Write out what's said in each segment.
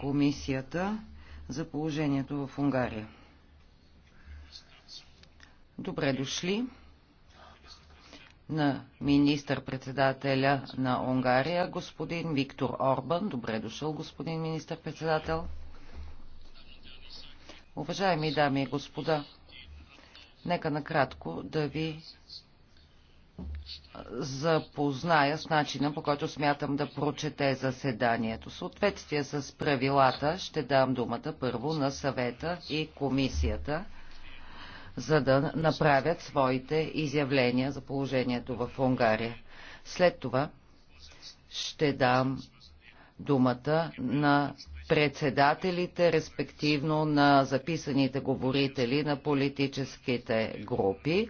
комисията за положението в Унгария. Добре дошли на министър-председателя на Унгария, господин Виктор Орбан. Добре дошъл, господин министър-председател. Уважаеми дами и господа, нека накратко да ви запозная с начина, по който смятам да прочете заседанието. съответствие с правилата ще дам думата първо на съвета и комисията, за да направят своите изявления за положението в Унгария. След това ще дам думата на председателите, респективно на записаните говорители на политическите групи.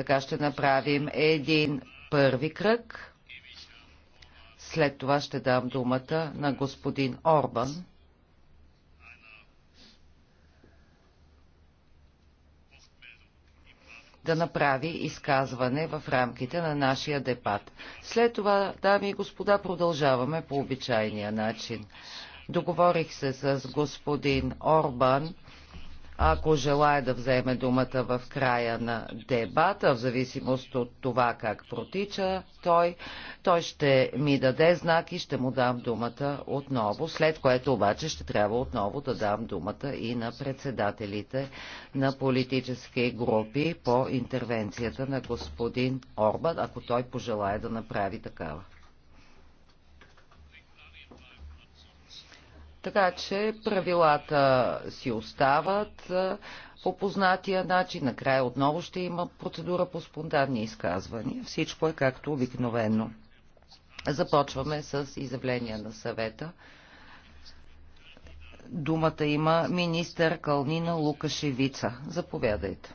Така ще направим един първи кръг. След това ще дам думата на господин Орбан. да направи изказване в рамките на нашия дебат. След това, дами и господа, продължаваме по обичайния начин. Договорих се с господин Орбан ако желая да вземе думата в края на дебата, в зависимост от това как протича той, той ще ми даде знак и ще му дам думата отново, след което обаче ще трябва отново да дам думата и на председателите на политически групи по интервенцията на господин Орбан, ако той пожелая да направи такава. Така че правилата си остават по познатия начин. Накрая отново ще има процедура по спонтанни изказвания. Всичко е както обикновено. Започваме с изявление на съвета. Думата има министър Калнина Лукашевица. Заповядайте.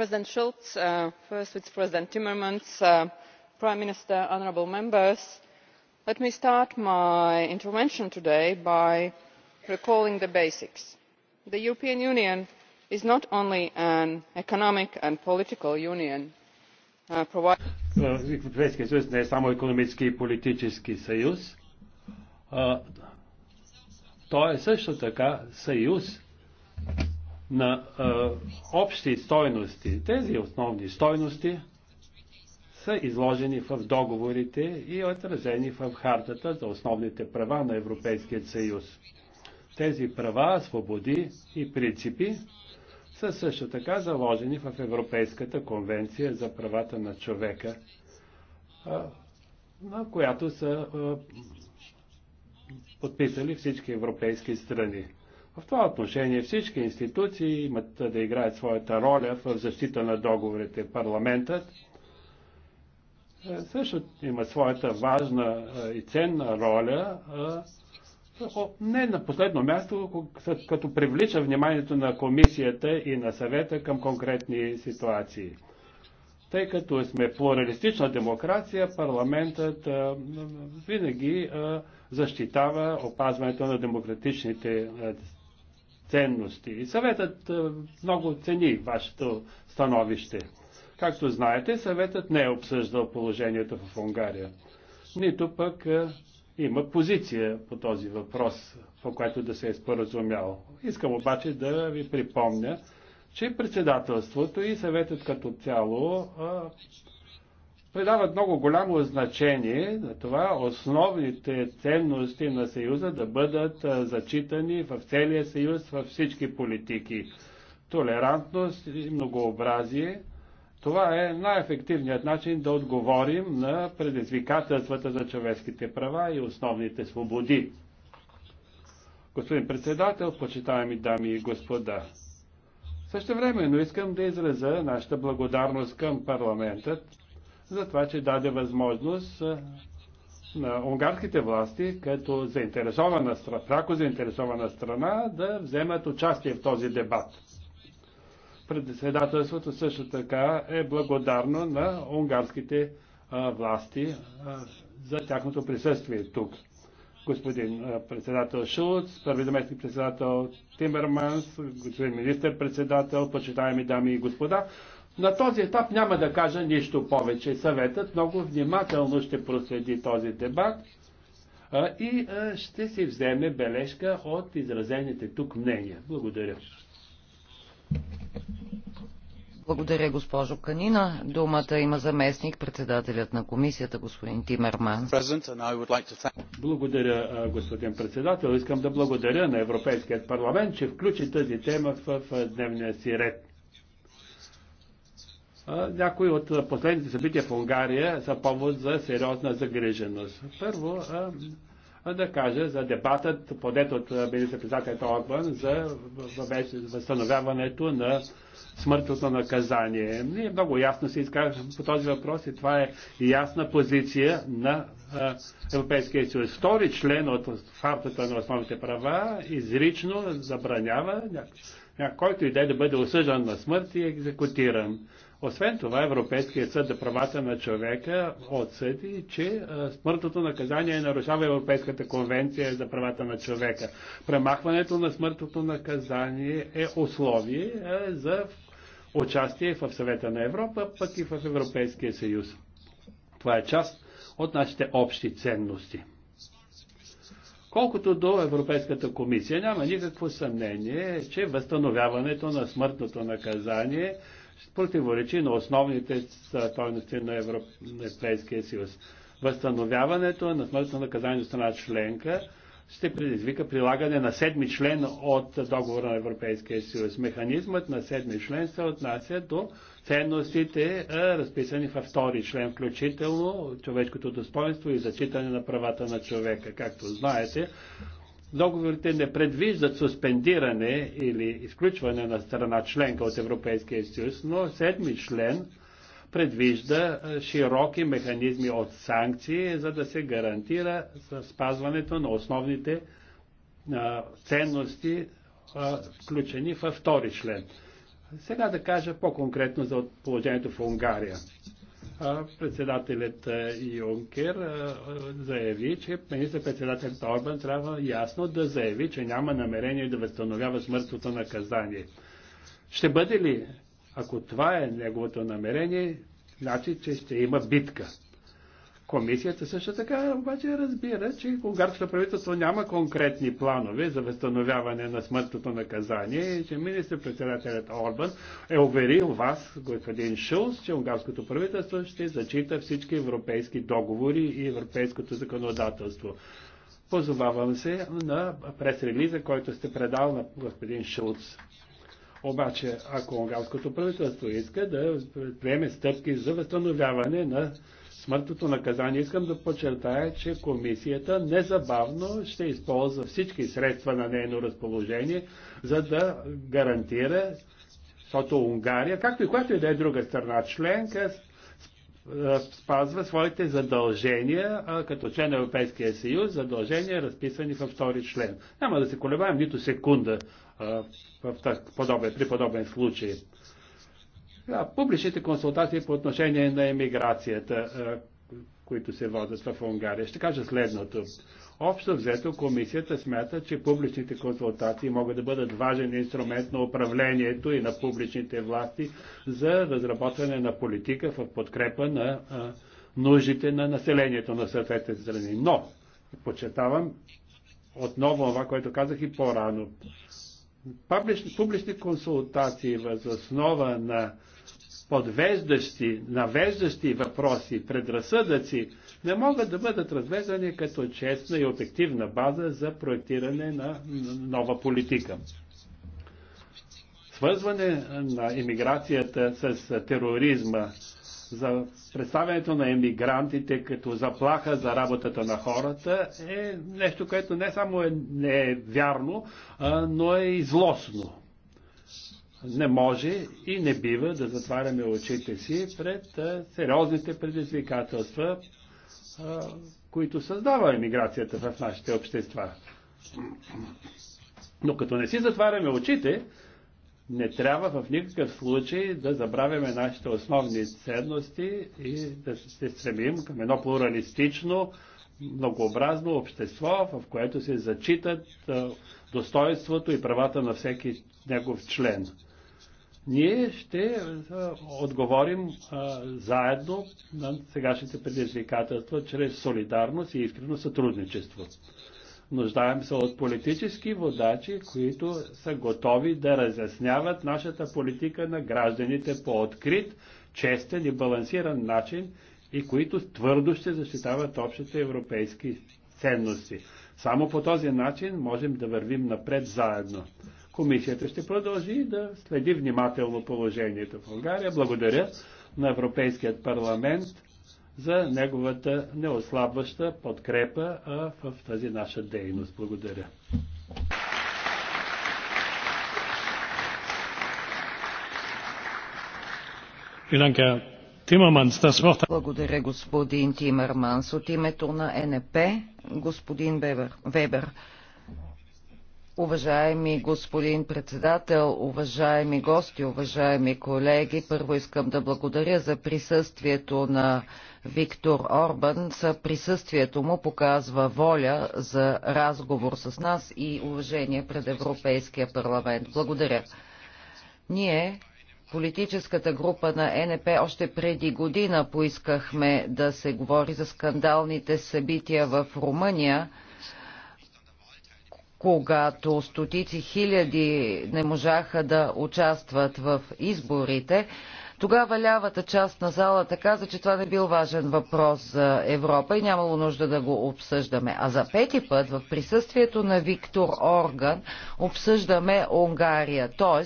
president schulz first vice president timmermans prime minister honourable members let me start my intervention today by recalling the basics. the european union is not only an economic and political union providing на а, общи стойности. Тези основни стойности са изложени в договорите и отразени в хартата за основните права на Европейския съюз. Тези права, свободи и принципи са също така заложени в Европейската конвенция за правата на човека, на която са подписали всички европейски страни. В това отношение всички институции имат да играят своята роля в защита на договорите. Парламентът е, също има своята важна е, и ценна роля, е, не на последно място, като привлича вниманието на комисията и на съвета към конкретни ситуации. Тъй като сме плуралистична демокрация, парламентът винаги защитава опазването на демократичните ценности. И съветът е, много цени вашето становище. Както знаете, съветът не е обсъждал положението в Унгария. Нито пък е, има позиция по този въпрос, по който да се е споразумял. Искам обаче да ви припомня, че председателството и съветът като цяло е, придават много голямо значение на това основните ценности на Съюза да бъдат зачитани в целия Съюз, във всички политики. Толерантност и многообразие. Това е най-ефективният начин да отговорим на предизвикателствата за човешките права и основните свободи. Господин председател, почитаеми дами и господа, също времено искам да изразя нашата благодарност към парламентът, за това, че даде възможност на унгарските власти, като заинтересована, пряко заинтересована страна, да вземат участие в този дебат. Председателството също така е благодарно на унгарските власти за тяхното присъствие тук. Господин председател Шулц, първи заместник председател Тимерманс, господин министър председател, почитаеми дами и господа, на този етап няма да кажа нищо повече. Съветът много внимателно ще проследи този дебат и ще си вземе бележка от изразените тук мнения. Благодаря. Благодаря, госпожо Канина. Думата има заместник председателят на комисията, господин Тимерман. Благодаря, господин председател. Искам да благодаря на Европейският парламент, че включи тази тема в дневния си ред. Някои от последните събития в Унгария са повод за сериозна загриженост. Първо, да кажа за дебатът, подет от министър-председателят Орбан, за възстановяването на смъртното наказание. Ние много ясно се изказва по този въпрос и това е ясна позиция на Европейския съюз. Втори член от хартата на основните права изрично забранява някой, който иде да бъде осъждан на смърт и екзекутиран. Освен това, Европейският съд за правата на човека отсъди, че смъртното наказание нарушава Европейската конвенция за правата на човека. Премахването на смъртното наказание е условие за участие в съвета на Европа, пък и в Европейския съюз. Това е част от нашите общи ценности. Колкото до Европейската комисия, няма никакво съмнение, че възстановяването на смъртното наказание противоречи на основните стойности на Европейския съюз. Възстановяването на смъртно наказание страна членка ще предизвика прилагане на седми член от договора на Европейския съюз. Механизмът на седми член се отнася до ценностите, разписани във втори член, включително човешкото достоинство и зачитане на правата на човека. Както знаете, Договорите не предвиждат суспендиране или изключване на страна членка от Европейския съюз, но седми член предвижда е, широки механизми от санкции, за да се гарантира спазването на основните е, ценности, е, включени във втори член. Сега да кажа по-конкретно за положението в Унгария председателят Юнкер заяви, че министър-председателят Орбан трябва ясно да заяви, че няма намерение да възстановява смъртното наказание. Ще бъде ли, ако това е неговото намерение, значи, че ще има битка. Комисията също така обаче разбира, че унгарското правителство няма конкретни планове за възстановяване на смъртното наказание и че министр-председателят Орбан е уверил вас, господин Шулс, че унгарското правителство ще зачита всички европейски договори и европейското законодателство. Позовавам се на пресрелиза, който сте предал на господин Шулц. Обаче, ако унгарското правителство иска да приеме стъпки за възстановяване на смъртното наказание, искам да подчертая, че комисията незабавно ще използва всички средства на нейно разположение, за да гарантира, защото Унгария, както и която и да е друга страна членка, спазва своите задължения като член на Европейския съюз, задължения разписани във втори член. Няма да се колебаем нито секунда в, в, в, подобен, при подобен случай. Да, публичните консултации по отношение на емиграцията, които се водят в Унгария. Ще кажа следното. Общо взето комисията смята, че публичните консултации могат да бъдат важен инструмент на управлението и на публичните власти за разработване на политика в подкрепа на нуждите на населението на съответните страни. Но, подчертавам отново това, което казах и по-рано. Публични, публични консултации въз основа на подвеждащи, навеждащи въпроси, предразсъдъци не могат да бъдат развезани като честна и обективна база за проектиране на нова политика. Свързване на иммиграцията с тероризма, за представянето на емигрантите като заплаха за работата на хората е нещо, което не само е, не е вярно, а, но е и злостно не може и не бива да затваряме очите си пред сериозните предизвикателства, които създава емиграцията в нашите общества. Но като не си затваряме очите, не трябва в никакъв случай да забравяме нашите основни ценности и да се стремим към едно плуралистично, многообразно общество, в което се зачитат достоинството и правата на всеки негов член ние ще отговорим а, заедно на сегашните предизвикателства чрез солидарност и искрено сътрудничество. Нуждаем се от политически водачи, които са готови да разясняват нашата политика на гражданите по открит, честен и балансиран начин и които твърдо ще защитават общите европейски ценности. Само по този начин можем да вървим напред заедно. Комисията ще продължи да следи внимателно положението в Унгария. Благодаря на Европейският парламент за неговата неослабваща подкрепа в тази наша дейност. Благодаря. Благодаря, господин Тимерманс. От името на НП, господин Вебер. Уважаеми господин председател, уважаеми гости, уважаеми колеги, първо искам да благодаря за присъствието на Виктор Орбан. За присъствието му показва воля за разговор с нас и уважение пред Европейския парламент. Благодаря. Ние Политическата група на НП още преди година поискахме да се говори за скандалните събития в Румъния, когато стотици хиляди не можаха да участват в изборите, тогава лявата част на залата каза, че това не бил важен въпрос за Европа и нямало нужда да го обсъждаме. А за пети път в присъствието на Виктор Орган обсъждаме Унгария, т.е.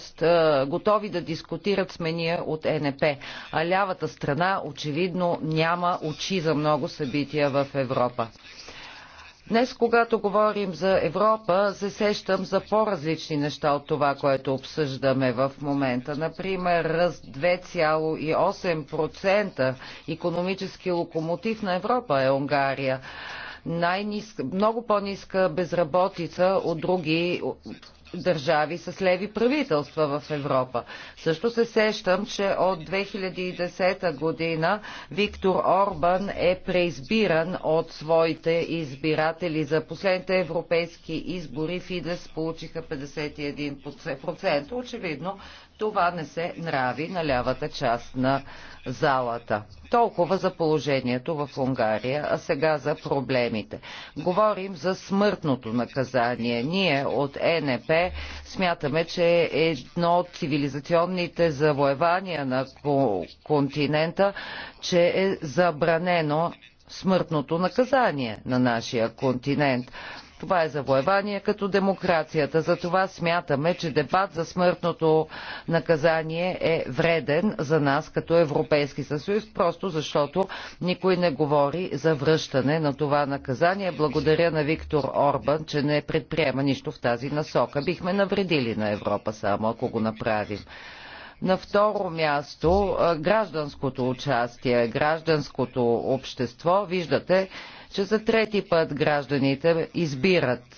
готови да дискутират смения от НП. А лявата страна очевидно няма очи за много събития в Европа. Днес, когато говорим за Европа, се сещам за по-различни неща от това, което обсъждаме в момента. Например, ръст 2,8% економически локомотив на Европа е Унгария. Най много по-ниска безработица от други държави с леви правителства в Европа. Също се сещам, че от 2010 година Виктор Орбан е преизбиран от своите избиратели. За последните европейски избори Фидес получиха 51%. Очевидно, това не се нрави на лявата част на залата. Толкова за положението в Унгария, а сега за проблемите. Говорим за смъртното наказание. Ние от НП смятаме, че е едно от цивилизационните завоевания на континента, че е забранено смъртното наказание на нашия континент. Това е завоевание като демокрацията. Затова смятаме, че дебат за смъртното наказание е вреден за нас като Европейски съюз, просто защото никой не говори за връщане на това наказание. Благодаря на Виктор Орбан, че не предприема нищо в тази насока. Бихме навредили на Европа само, ако го направим. На второ място гражданското участие, гражданското общество. Виждате, че за трети път гражданите избират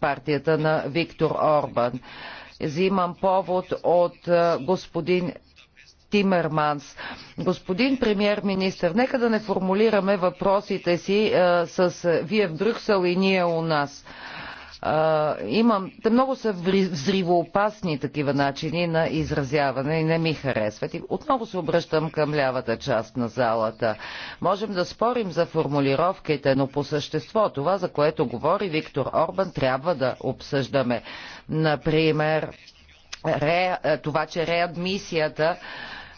партията на Виктор Орбан. Взимам повод от господин Тимерманс. Господин премьер-министр, нека да не формулираме въпросите си с вие в Брюксел и ние у нас. А, имам, те много са взривоопасни такива начини на изразяване и не ми харесват. И отново се обръщам към лявата част на залата. Можем да спорим за формулировките, но по същество това, за което говори Виктор Орбан, трябва да обсъждаме. Например, ре, това, че реадмисията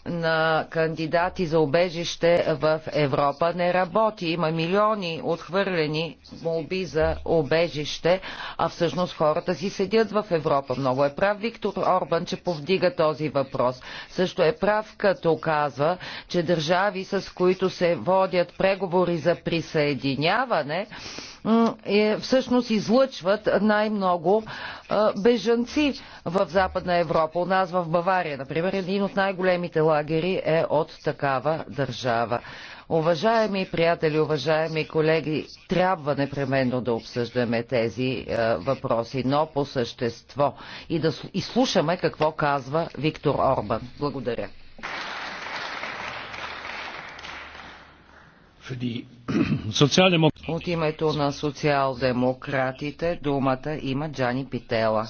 на кандидати за обежище в Европа не работи. Има милиони отхвърлени молби за обежище, а всъщност хората си седят в Европа. Много е прав Виктор Орбан, че повдига този въпрос. Също е прав, като казва, че държави, с които се водят преговори за присъединяване, е, всъщност излъчват най-много е, бежанци в Западна Европа. У нас в Бавария, например, един от най-големите лагери е от такава държава. Уважаеми приятели, уважаеми колеги, трябва непременно да обсъждаме тези е, въпроси, но по същество и да изслушаме какво казва Виктор Орбан. Благодаря. От името на социал-демократите думата има Джани Питела.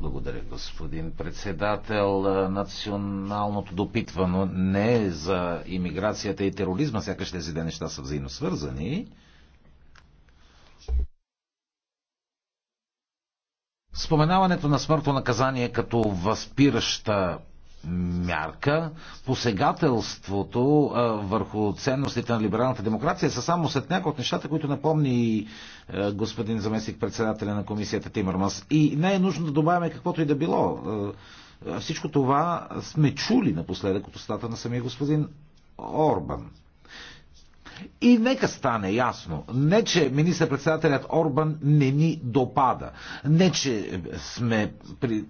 Благодаря, господин председател. Националното допитвано не е за иммиграцията и тероризма, сякаш тези две неща са взаимно свързани. Споменаването на смъртно наказание като възпираща мярка. Посегателството а, върху ценностите на либералната демокрация са само след някои от нещата, които напомни а, господин заместник председателя на комисията Тимърмас. И не е нужно да добавяме каквото и да било. А, всичко това сме чули напоследък от устата на самия господин Орбан. И нека стане ясно, не че министър-председателят Орбан не ни допада, не че сме при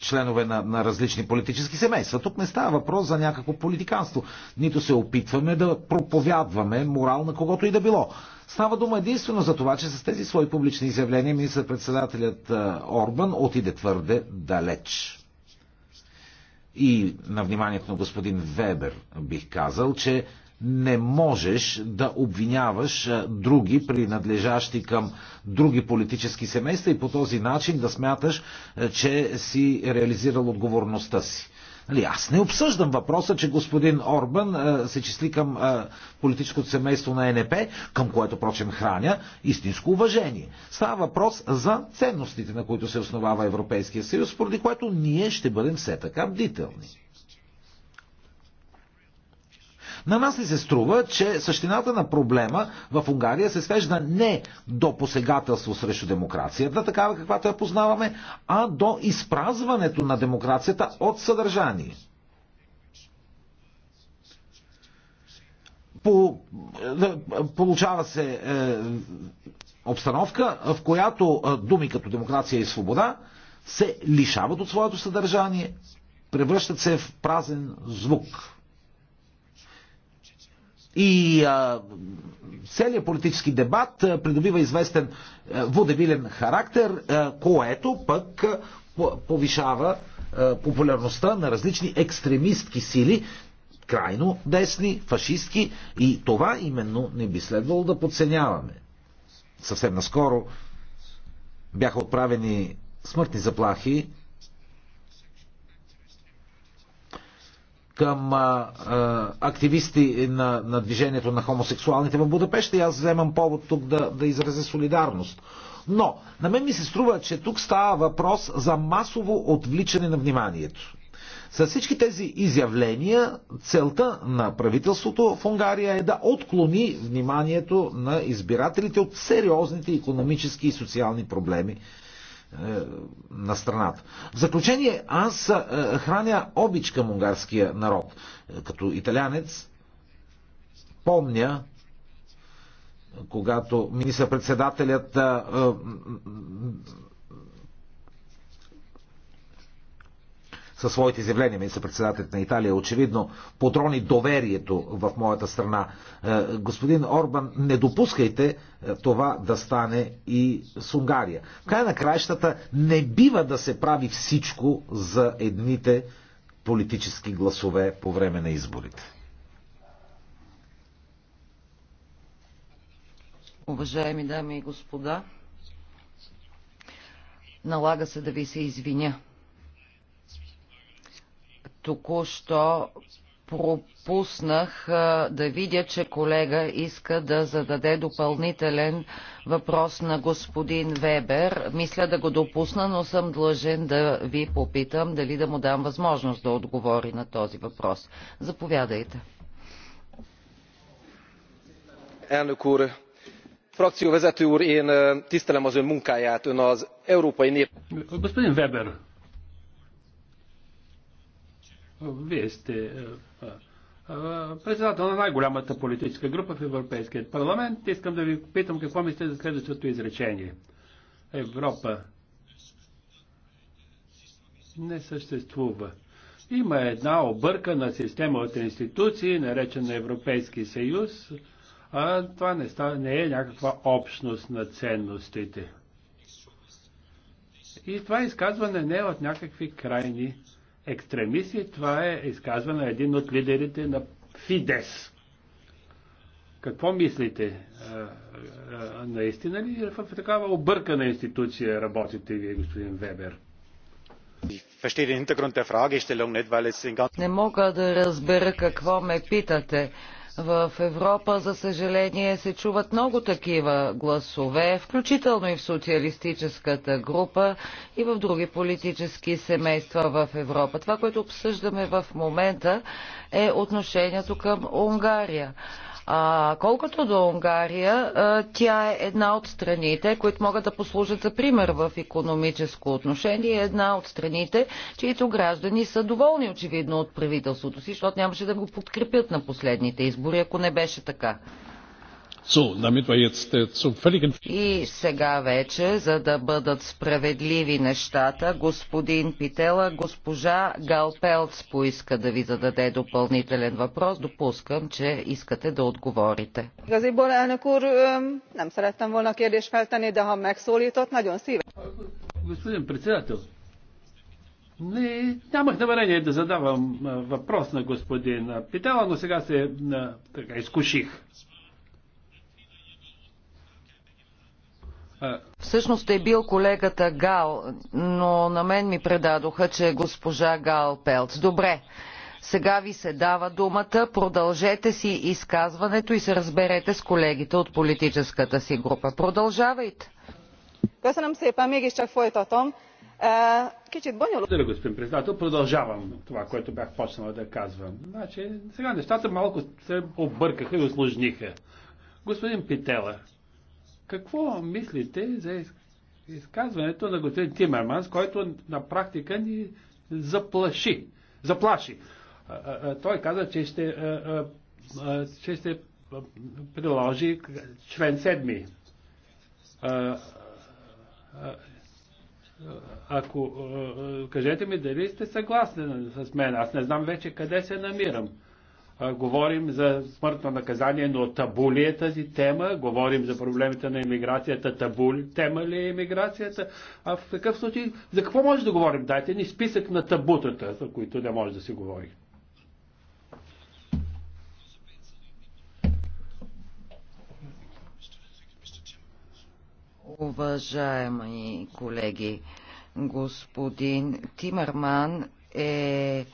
членове на, на различни политически семейства. Тук не става въпрос за някакво политиканство. Нито се опитваме да проповядваме морал на когото и да било. Става дума единствено за това, че с тези свои публични изявления министър-председателят Орбан отиде твърде далеч и на вниманието на господин Вебер бих казал, че не можеш да обвиняваш други, принадлежащи към други политически семейства и по този начин да смяташ, че си реализирал отговорността си. Нали, аз не обсъждам въпроса, че господин Орбан а, се числи към а, политическото семейство на НП, към което, прочем, храня истинско уважение. Става въпрос за ценностите, на които се основава Европейския съюз, поради което ние ще бъдем все така бдителни. На нас ли се струва, че същината на проблема в Унгария се свежда не до посегателство срещу демокрацията, такава каквато я познаваме, а до изпразването на демокрацията от съдържание. По, е, получава се е, обстановка, в която е, думи като демокрация и свобода се лишават от своето съдържание, превръщат се в празен звук. И а, целият политически дебат а, придобива известен а, водевилен характер, а, което пък а, повишава а, популярността на различни екстремистки сили, крайно десни, фашистки и това именно не би следвало да подценяваме. Съвсем наскоро бяха отправени смъртни заплахи към а, а, активисти на, на движението на хомосексуалните в Будапеща и аз вземам повод тук да, да изразя солидарност. Но на мен ми се струва, че тук става въпрос за масово отвличане на вниманието. С всички тези изявления целта на правителството в Унгария е да отклони вниманието на избирателите от сериозните економически и социални проблеми е, на страната. В заключение, аз е, храня обич към унгарския народ. Е, като италянец помня когато министър-председателят със своите изявления, министър-председателят на Италия, очевидно потрони доверието в моята страна. Е, господин Орбан, не допускайте е, това да стане и с Унгария. В край на краищата не бива да се прави всичко за едните политически гласове по време на изборите. Уважаеми дами и господа, налага се да ви се извиня. Току-що пропуснах да видя, че колега иска да зададе допълнителен въпрос на господин Вебер. Мисля да го допусна, но съм длъжен да ви попитам дали да му дам възможност да отговори на този въпрос. Заповядайте. Э, господин Вебер, вие сте е, е, е, председател на най-голямата политическа група в Европейския парламент. Искам да ви питам какво мислите за следващото изречение. Европа не съществува. Има една объркана система от институции, наречена Европейски съюз, а това не, става, не е някаква общност на ценностите. И това изказване не е от някакви крайни екстремисти, това е изказване един от лидерите на Фидес. Какво мислите? Наистина ли в такава объркана институция работите вие, господин Вебер? Не мога да разбера какво ме питате. В Европа, за съжаление, се чуват много такива гласове, включително и в социалистическата група и в други политически семейства в Европа. Това, което обсъждаме в момента е отношението към Унгария. А, колкото до Унгария, а, тя е една от страните, които могат да послужат за пример в економическо отношение. Е една от страните, чието граждани са доволни очевидно от правителството си, защото нямаше да го подкрепят на последните избори, ако не беше така. Äh, И сега вече, за да бъдат справедливи нещата, господин Питела, госпожа Галпелц поиска да ви зададе допълнителен въпрос. Допускам, че искате да отговорите. Господин председател, не, нямах намерение да задавам въпрос на господин Питела, но сега се така, изкуших. Всъщност е бил колегата Гал, но на мен ми предадоха, че е госпожа Гал Пелц. Добре, сега ви се дава думата, продължете си изказването и се разберете с колегите от политическата си група. Продължавайте. Е, Благодаря, господин председател. Продължавам това, което бях почнал да казвам. Значи, сега нещата малко се объркаха и осложниха. Господин Питела, какво мислите за изказването на господин Тимерманс, който на практика ни заплаши? заплаши. Той каза, че ще, че ще приложи член 7. Ако кажете ми дали сте съгласни с мен, аз не знам вече къде се намирам. Говорим за смъртно наказание, но табу ли е тази тема? Говорим за проблемите на иммиграцията. Табу ли тема ли е иммиграцията? А в такъв случай, за какво може да говорим? Дайте ни списък на табутата, за които не може да се говори. Уважаеми колеги, господин Тимърман е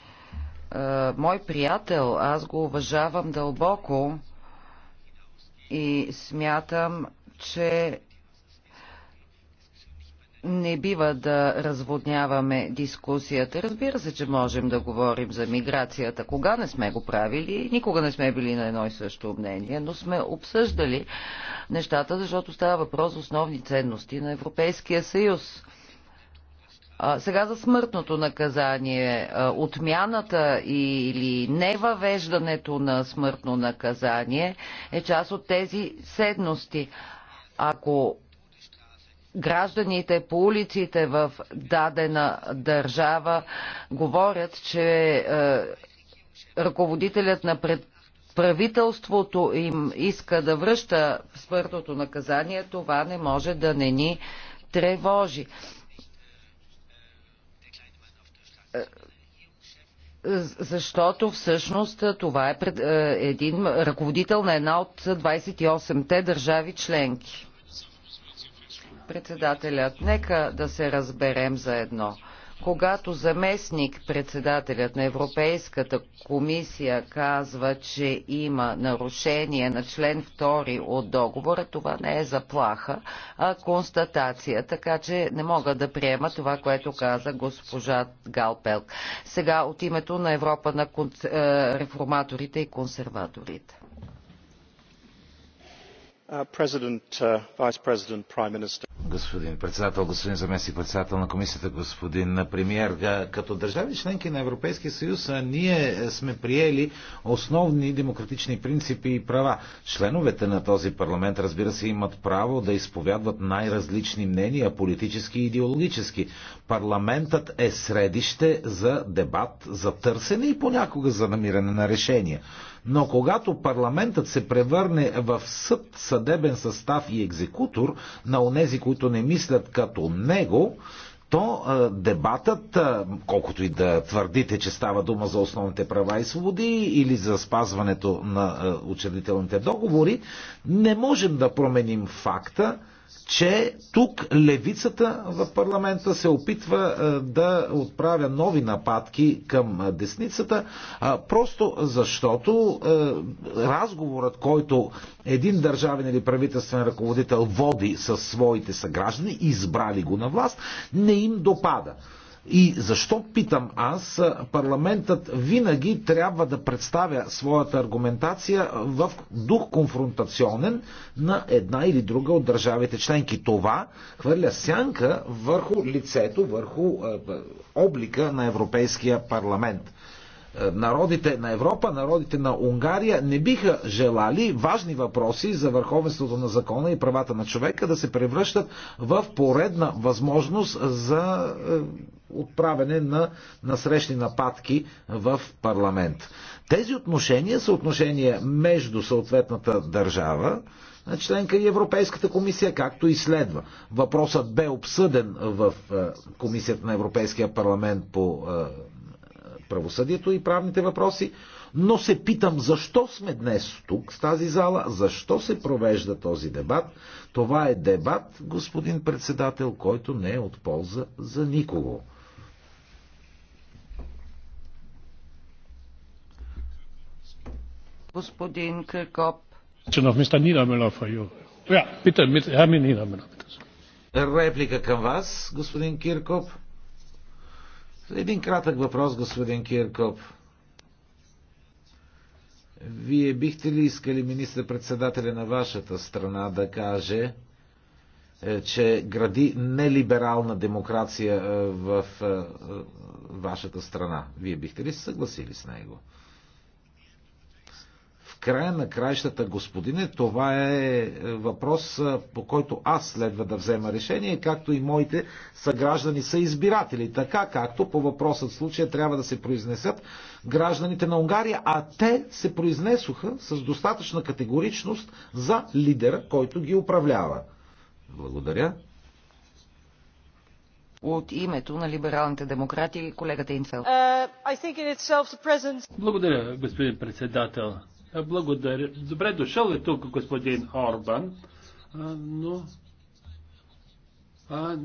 е, мой приятел, аз го уважавам дълбоко и смятам, че не бива да разводняваме дискусията. Разбира се, че можем да говорим за миграцията. Кога не сме го правили, никога не сме били на едно и също мнение, но сме обсъждали нещата, защото става въпрос за основни ценности на Европейския съюз. Сега за смъртното наказание, отмяната или невъвеждането на смъртно наказание е част от тези седности. Ако гражданите по улиците в дадена държава говорят, че е, ръководителят на пред правителството им иска да връща смъртното наказание, това не може да не ни тревожи. защото всъщност това е пред, е, един ръководител на една от 28-те държави членки. Председателят, нека да се разберем за едно когато заместник председателят на Европейската комисия казва, че има нарушение на член 2 от договора, това не е заплаха, а констатация. Така че не мога да приема това, което каза госпожа Галпел. Сега от името на Европа на е, реформаторите и консерваторите. Uh, uh, господин председател, господин заместник председател на комисията, господин премиер като държави членки на Европейския съюз, ние е, сме приели основни демократични принципи и права. Членовете на този парламент, разбира се, имат право да изповядват най-различни мнения, политически и идеологически. Парламентът е средище за дебат, за търсене и понякога за намиране на решения. Но когато парламентът се превърне в съд, съдебен състав и екзекутор на онези, които не мислят като него, то дебатът, колкото и да твърдите, че става дума за основните права и свободи или за спазването на а, учредителните договори, не можем да променим факта, че тук левицата в парламента се опитва е, да отправя нови нападки към е, десницата, просто защото е, разговорът, който един държавен или правителствен ръководител води със своите съграждани, избрали го на власт, не им допада. И защо питам аз, парламентът винаги трябва да представя своята аргументация в дух конфронтационен на една или друга от държавите членки. Това хвърля сянка върху лицето, върху облика на Европейския парламент народите на Европа, народите на Унгария не биха желали важни въпроси за върховенството на закона и правата на човека да се превръщат в поредна възможност за е, отправене на насрещни нападки в парламент. Тези отношения са отношения между съответната държава, на членка и Европейската комисия, както и следва. Въпросът бе обсъден в е, Комисията на Европейския парламент по е, правосъдието и правните въпроси, но се питам защо сме днес тук, с тази зала, защо се провежда този дебат. Това е дебат, господин председател, който не е от полза за никого. Господин Кръкоп. Реплика към вас, господин Киркоп. Един кратък въпрос, господин Киркоп. Вие бихте ли искали министър-председателя на вашата страна да каже, е, че гради нелиберална демокрация е, в е, вашата страна? Вие бихте ли се съгласили с него? края на краищата, господине, това е, е въпрос, е, по който аз следва да взема решение, както и моите съграждани са избиратели. Така както по въпросът случая трябва да се произнесат гражданите на Унгария, а те се произнесоха с достатъчна категоричност за лидера, който ги управлява. Благодаря. От името на либералните демократи, колегата Инфел. Uh, Благодаря, господин председател. Благодаря. Добре дошъл е тук господин Орбан, но а,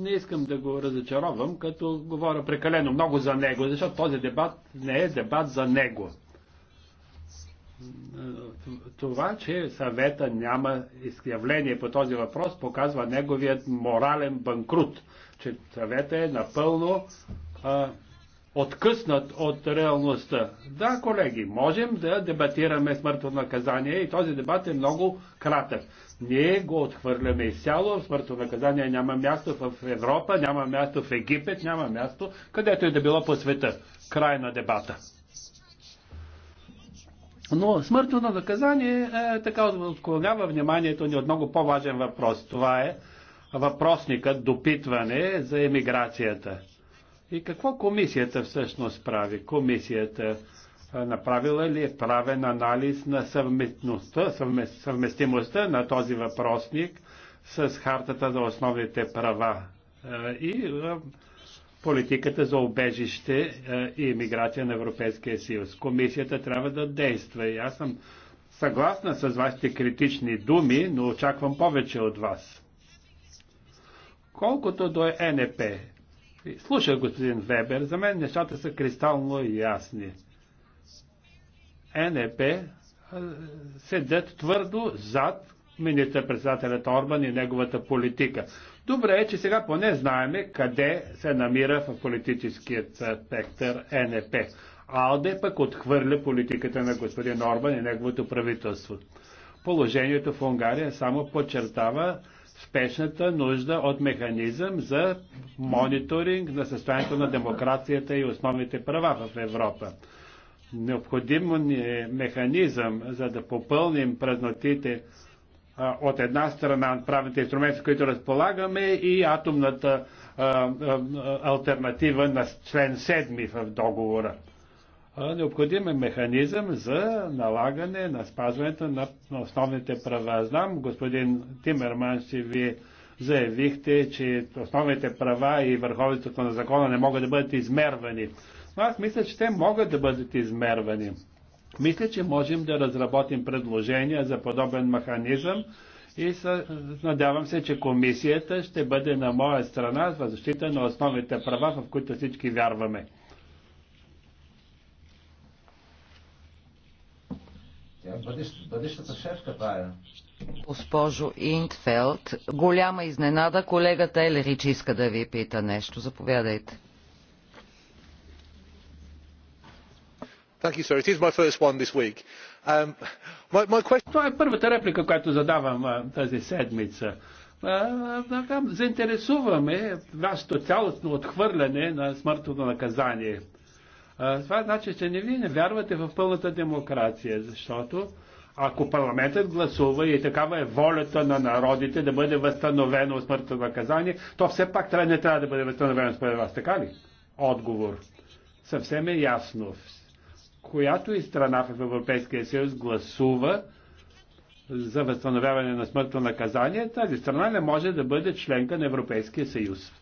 не искам да го разочаровам, като говоря прекалено много за него, защото този дебат не е дебат за него. Това, че съвета няма изявление по този въпрос, показва неговият морален банкрут, че съвета е напълно а, откъснат от реалността. Да, колеги, можем да дебатираме смъртно наказание и този дебат е много кратък. Ние го отхвърляме изцяло. Смъртно наказание няма място в Европа, няма място в Египет, няма място където и е да било по света. Край на дебата. Но смъртно наказание е, така отклонява вниманието ни от много по-важен въпрос. Това е въпросникът допитване за емиграцията. И какво комисията всъщност прави? Комисията направила ли е правен анализ на съвместността, съвместимостта на този въпросник с хартата за основните права и политиката за обежище и иммиграция на Европейския съюз. Комисията трябва да действа и аз съм съгласна с вашите критични думи, но очаквам повече от вас. Колкото до ЕНП, Слушай, господин Вебер, за мен нещата са кристално ясни. НЕП седят твърдо зад министър-председателят Орбан и неговата политика. Добре е, че сега поне знаеме къде се намира в политическият спектър НЕП. Алде пък отхвърля политиката на господин Орбан и неговото правителство. Положението в Унгария само подчертава спешната нужда от механизъм за мониторинг на състоянието на демокрацията и основните права в Европа. Необходим ни е механизъм, за да попълним празнотите от една страна правните инструменти, с които разполагаме и атомната а, а, альтернатива на член 7 в договора необходим е механизъм за налагане на спазването на основните права. Знам, господин Тимерман, че ви заявихте, че основните права и върховенството на закона не могат да бъдат измервани. Но аз мисля, че те могат да бъдат измервани. Мисля, че можем да разработим предложения за подобен механизъм и съ... надявам се, че комисията ще бъде на моя страна за защита на основните права, в които всички вярваме. Е бъдещата шефка е. Госпожо Интфелд, голяма изненада. Колегата Елерич иска да ви пита нещо. Заповядайте. Това е първата реплика, която задавам тази седмица. Заинтересуваме вашето цялостно отхвърляне на смъртното наказание. Това значи, че не вие не вярвате в пълната демокрация, защото ако парламентът гласува и такава е волята на народите да бъде възстановено смъртно наказание, то все пак трябва, не трябва да бъде възстановено според вас, така ли? Отговор. Съвсем е ясно. Която и страна в Европейския съюз гласува за възстановяване на смъртно наказание, тази страна не може да бъде членка на Европейския съюз.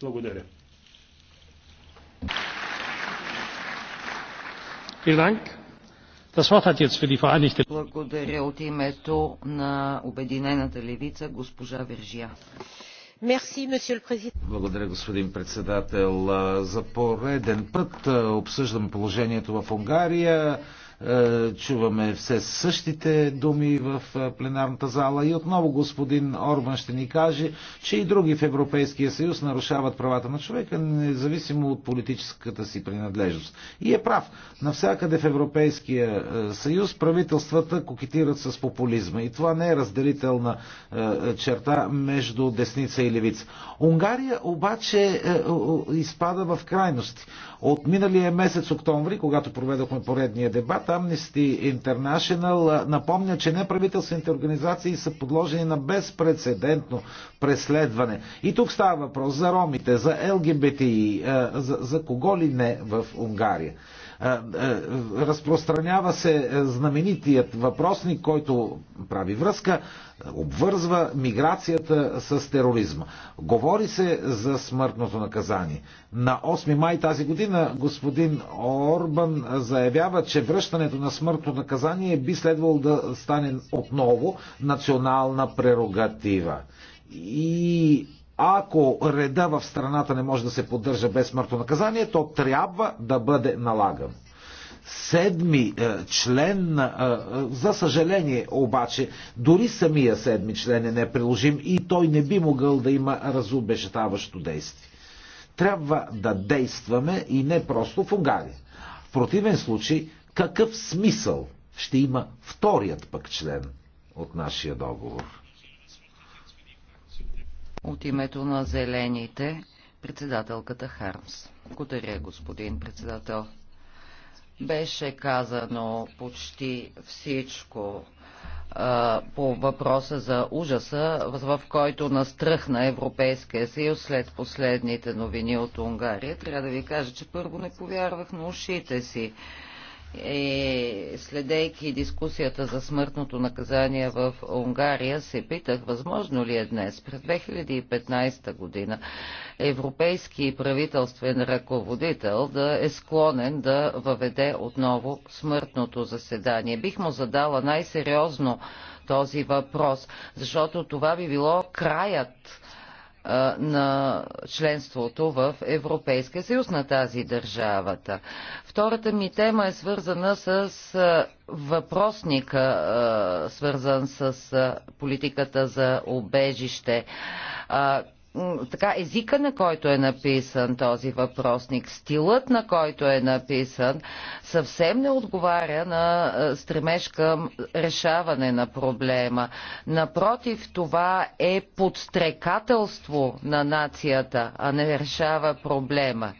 Благодаря. Благодаря от името на Обединената левица госпожа Вержия. Благодаря, господин председател. За пореден път обсъждам положението в Унгария е, чуваме все същите думи в е, пленарната зала и отново господин Орбан ще ни каже, че и други в Европейския съюз нарушават правата на човека, независимо от политическата си принадлежност. И е прав. Навсякъде в Европейския е, съюз правителствата кокетират с популизма. И това не е разделителна черта между десница и левица. Унгария обаче изпада в крайности. От миналия месец октомври, когато проведохме поредния дебат, Amnesty International напомня, че неправителствените организации са подложени на безпредседентно преследване. И тук става въпрос за ромите, за ЛГБТИ, за, за кого ли не в Унгария. Е, разпространява се знаменитият въпросник, който прави връзка, обвързва миграцията с тероризма. Говори се за смъртното наказание. На 8 май тази година господин Орбан заявява, че връщането на смъртното наказание би следвало да стане отново национална прерогатива. И ако реда в страната не може да се поддържа без смъртно наказание, то трябва да бъде налаган седми е, член, е, е, за съжаление обаче, дори самия седми член е неприложим и той не би могъл да има разобещаващо действие. Трябва да действаме и не просто в Унгария. В противен случай, какъв смисъл ще има вторият пък член от нашия договор? От името на зелените, председателката Хармс. Благодаря, господин председател. Беше казано почти всичко по въпроса за ужаса, в който настръхна Европейския съюз след последните новини от Унгария. Трябва да ви кажа, че първо не повярвах на ушите си е, следейки дискусията за смъртното наказание в Унгария, се питах, възможно ли е днес, през 2015 година, европейски правителствен ръководител да е склонен да въведе отново смъртното заседание. Бих му задала най-сериозно този въпрос, защото това би било краят на членството в Европейския съюз на тази държавата. Втората ми тема е свързана с въпросника, свързан с политиката за обежище така, езика, на който е написан този въпросник, стилът, на който е написан, съвсем не отговаря на стремеж към решаване на проблема. Напротив, това е подстрекателство на нацията, а не решава проблема.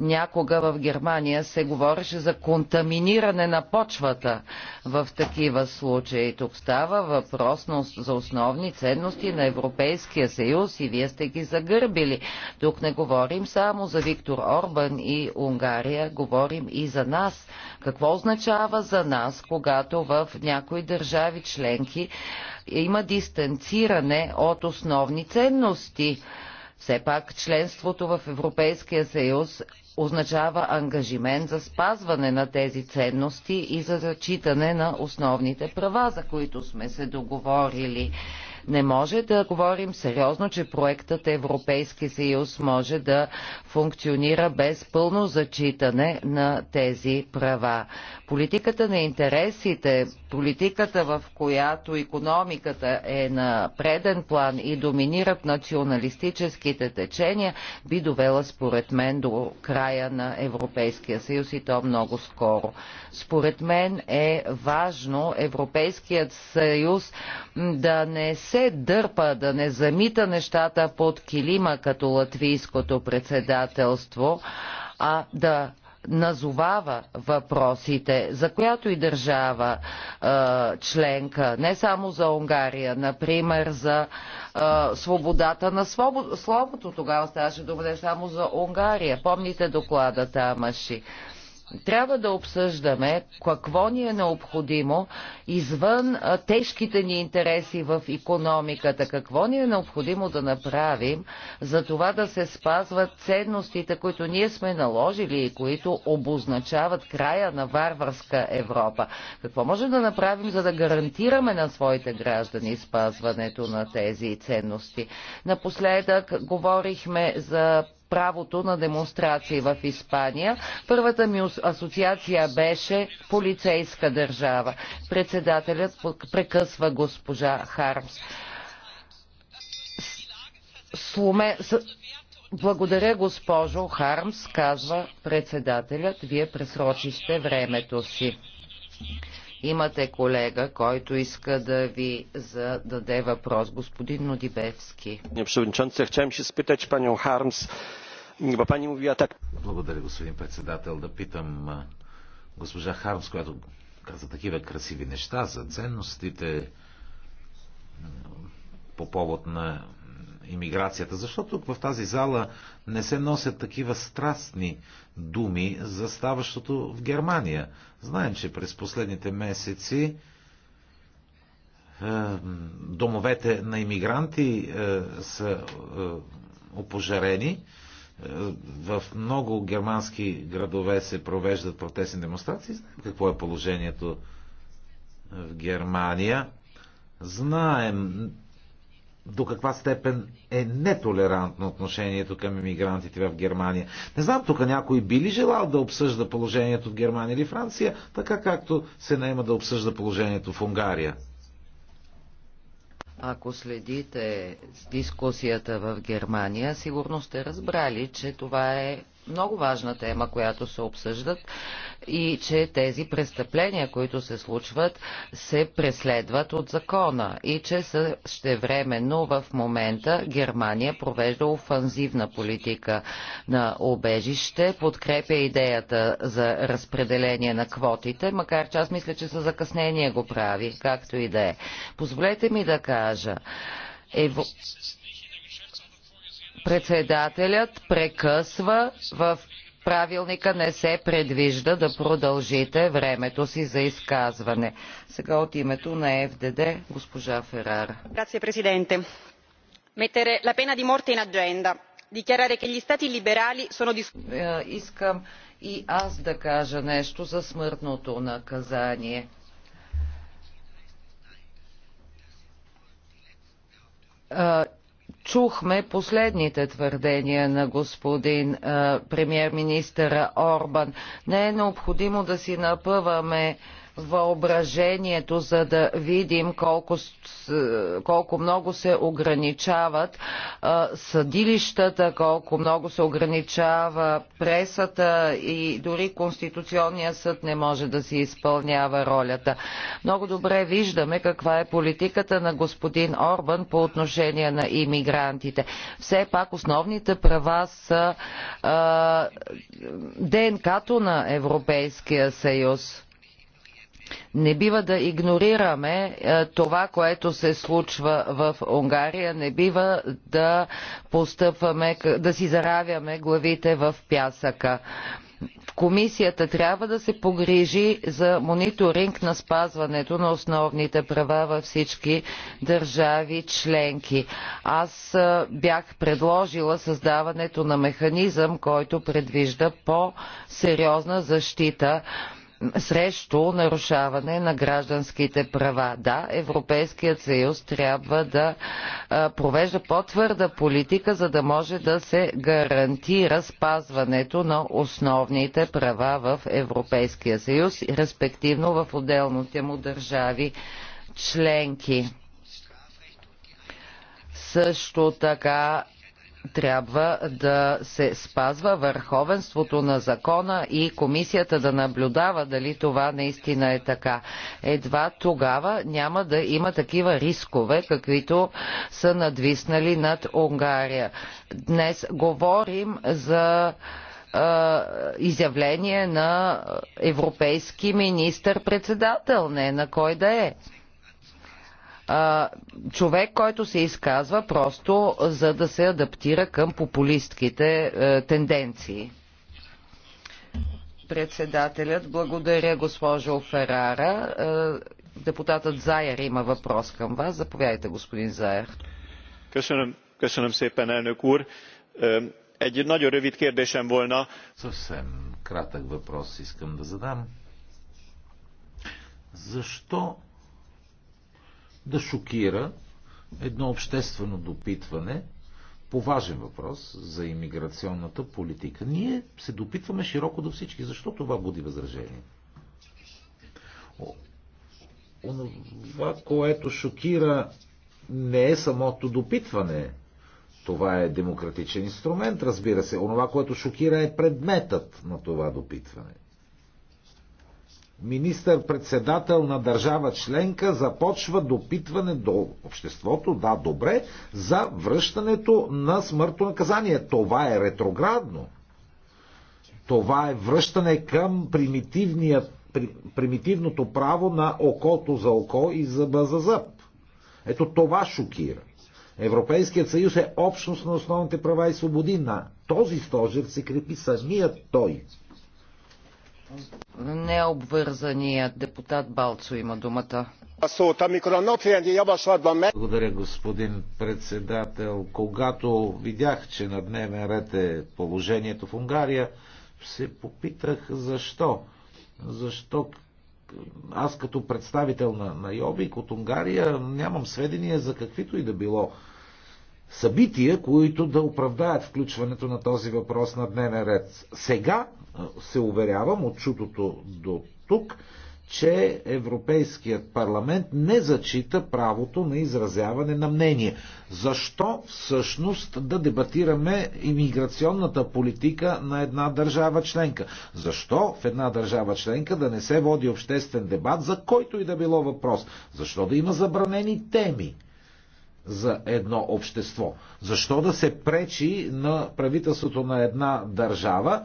Някога в Германия се говореше за контаминиране на почвата в такива случаи. Тук става въпрос за основни ценности на Европейския съюз и вие сте ги загърбили. Тук не говорим само за Виктор Орбан и Унгария, говорим и за нас. Какво означава за нас, когато в някои държави членки има дистанциране от основни ценности? Все пак членството в Европейския съюз означава ангажимент за спазване на тези ценности и за зачитане на основните права, за които сме се договорили. Не може да говорим сериозно, че проектът Европейски съюз може да функционира без пълно зачитане на тези права. Политиката на интересите, политиката в която економиката е на преден план и доминират националистическите течения, би довела според мен до края на Европейския съюз и то много скоро. Според мен е важно Европейският съюз да не се дърпа, да не замита нещата под килима като латвийското председателство, а да назовава въпросите, за която и държава е, членка, не само за Унгария, например за е, свободата на словото. Тогава ставаше добре, само за Унгария. Помните доклада Тамаши. Трябва да обсъждаме какво ни е необходимо извън тежките ни интереси в економиката, какво ни е необходимо да направим за това да се спазват ценностите, които ние сме наложили и които обозначават края на варварска Европа. Какво можем да направим, за да гарантираме на своите граждани спазването на тези ценности? Напоследък говорихме за правото на демонстрации в Испания. Първата ми асоциация беше полицейска държава. Председателят прекъсва госпожа Хармс. Сломе... Благодаря, госпожо Хармс, казва председателят. Вие пресрочихте времето си. Имате колега, който иска да ви зададе въпрос, господин Нодибевски. Благодаря, господин председател. Да питам госпожа Хармс, която каза такива красиви неща за ценностите по повод на иммиграцията. Защото тук в тази зала не се носят такива страстни думи за ставащото в Германия. Знаем, че през последните месеци е, домовете на иммигранти е, са е, опожарени. В много германски градове се провеждат протестни демонстрации. Знаем какво е положението в Германия. Знаем до каква степен е нетолерантно отношението към иммигрантите в Германия. Не знам, тук някой би ли желал да обсъжда положението в Германия или Франция, така както се наема да обсъжда положението в Унгария. Ако следите дискусията в Германия, сигурно сте разбрали, че това е много важна тема, която се обсъждат и че тези престъпления, които се случват, се преследват от закона и че същевременно в момента Германия провежда офанзивна политика на обежище, подкрепя идеята за разпределение на квотите, макар че аз мисля, че със закъснение го прави, както и да е. Позволете ми да кажа, Ево... Председателят прекъсва в правилника не се предвижда да продължите времето си за изказване. Сега от името на ФДД госпожа Ферара. Грация, президенте. Метере ла пена ди морте ин адженда. agenda. ке che стати либерали соно дис... Е, искам и аз да кажа нещо за смъртното наказание. А, е, чухме последните твърдения на господин е, премьер-министъра Орбан. Не е необходимо да си напъваме въображението, за да видим колко, колко много се ограничават съдилищата, колко много се ограничава пресата и дори Конституционният съд не може да си изпълнява ролята. Много добре виждаме каква е политиката на господин Орбан по отношение на иммигрантите. Все пак основните права са ДНК-то на Европейския съюз. Не бива да игнорираме е, това, което се случва в Унгария. Не бива да постъпваме, да си заравяме главите в пясъка. Комисията трябва да се погрижи за мониторинг на спазването на основните права във всички държави членки. Аз е, бях предложила създаването на механизъм, който предвижда по-сериозна защита срещу нарушаване на гражданските права. Да, Европейският съюз трябва да провежда по-твърда политика, за да може да се гарантира спазването на основните права в Европейския съюз, респективно в отделните му държави членки. Също така трябва да се спазва върховенството на закона и комисията да наблюдава дали това наистина е така. Едва тогава няма да има такива рискове, каквито са надвиснали над Унгария. Днес говорим за изявление на европейски министър-председател, не на кой да е човек, който се изказва просто за да се адаптира към популистките е, тенденции. Председателят, благодаря госпожо Ферара. Е, депутатът Заяр има въпрос към вас. Заповядайте, господин Заер. Köszönöm szépen, elnök ур. Е, egy nagyon rövid kérdésem Съвсем кратък въпрос искам да задам. Защо да шокира едно обществено допитване по важен въпрос за иммиграционната политика. Ние се допитваме широко до всички. Защо това буди възражение? Това, което шокира не е самото допитване. Това е демократичен инструмент, разбира се. Онова, което шокира е предметът на това допитване министър-председател на държава членка започва допитване до обществото, да, добре, за връщането на смъртно наказание. Това е ретроградно. Това е връщане към примитивното право на окото за око и зъба за зъб. Ето това шокира. Европейският съюз е общност на основните права и свободи. На този стожер се крепи самият той. Необвързаният депутат Балцо има думата. Благодаря, господин председател. Когато видях, че на дневен ред е положението в Унгария, се попитах защо. Защо аз като представител на, на Йобик от Унгария нямам сведения за каквито и да било събития, които да оправдаят включването на този въпрос на дневен ред. Сега се уверявам от чутото до тук, че Европейският парламент не зачита правото на изразяване на мнение. Защо всъщност да дебатираме имиграционната политика на една държава членка? Защо в една държава членка да не се води обществен дебат за който и да било въпрос? Защо да има забранени теми? за едно общество. Защо да се пречи на правителството на една държава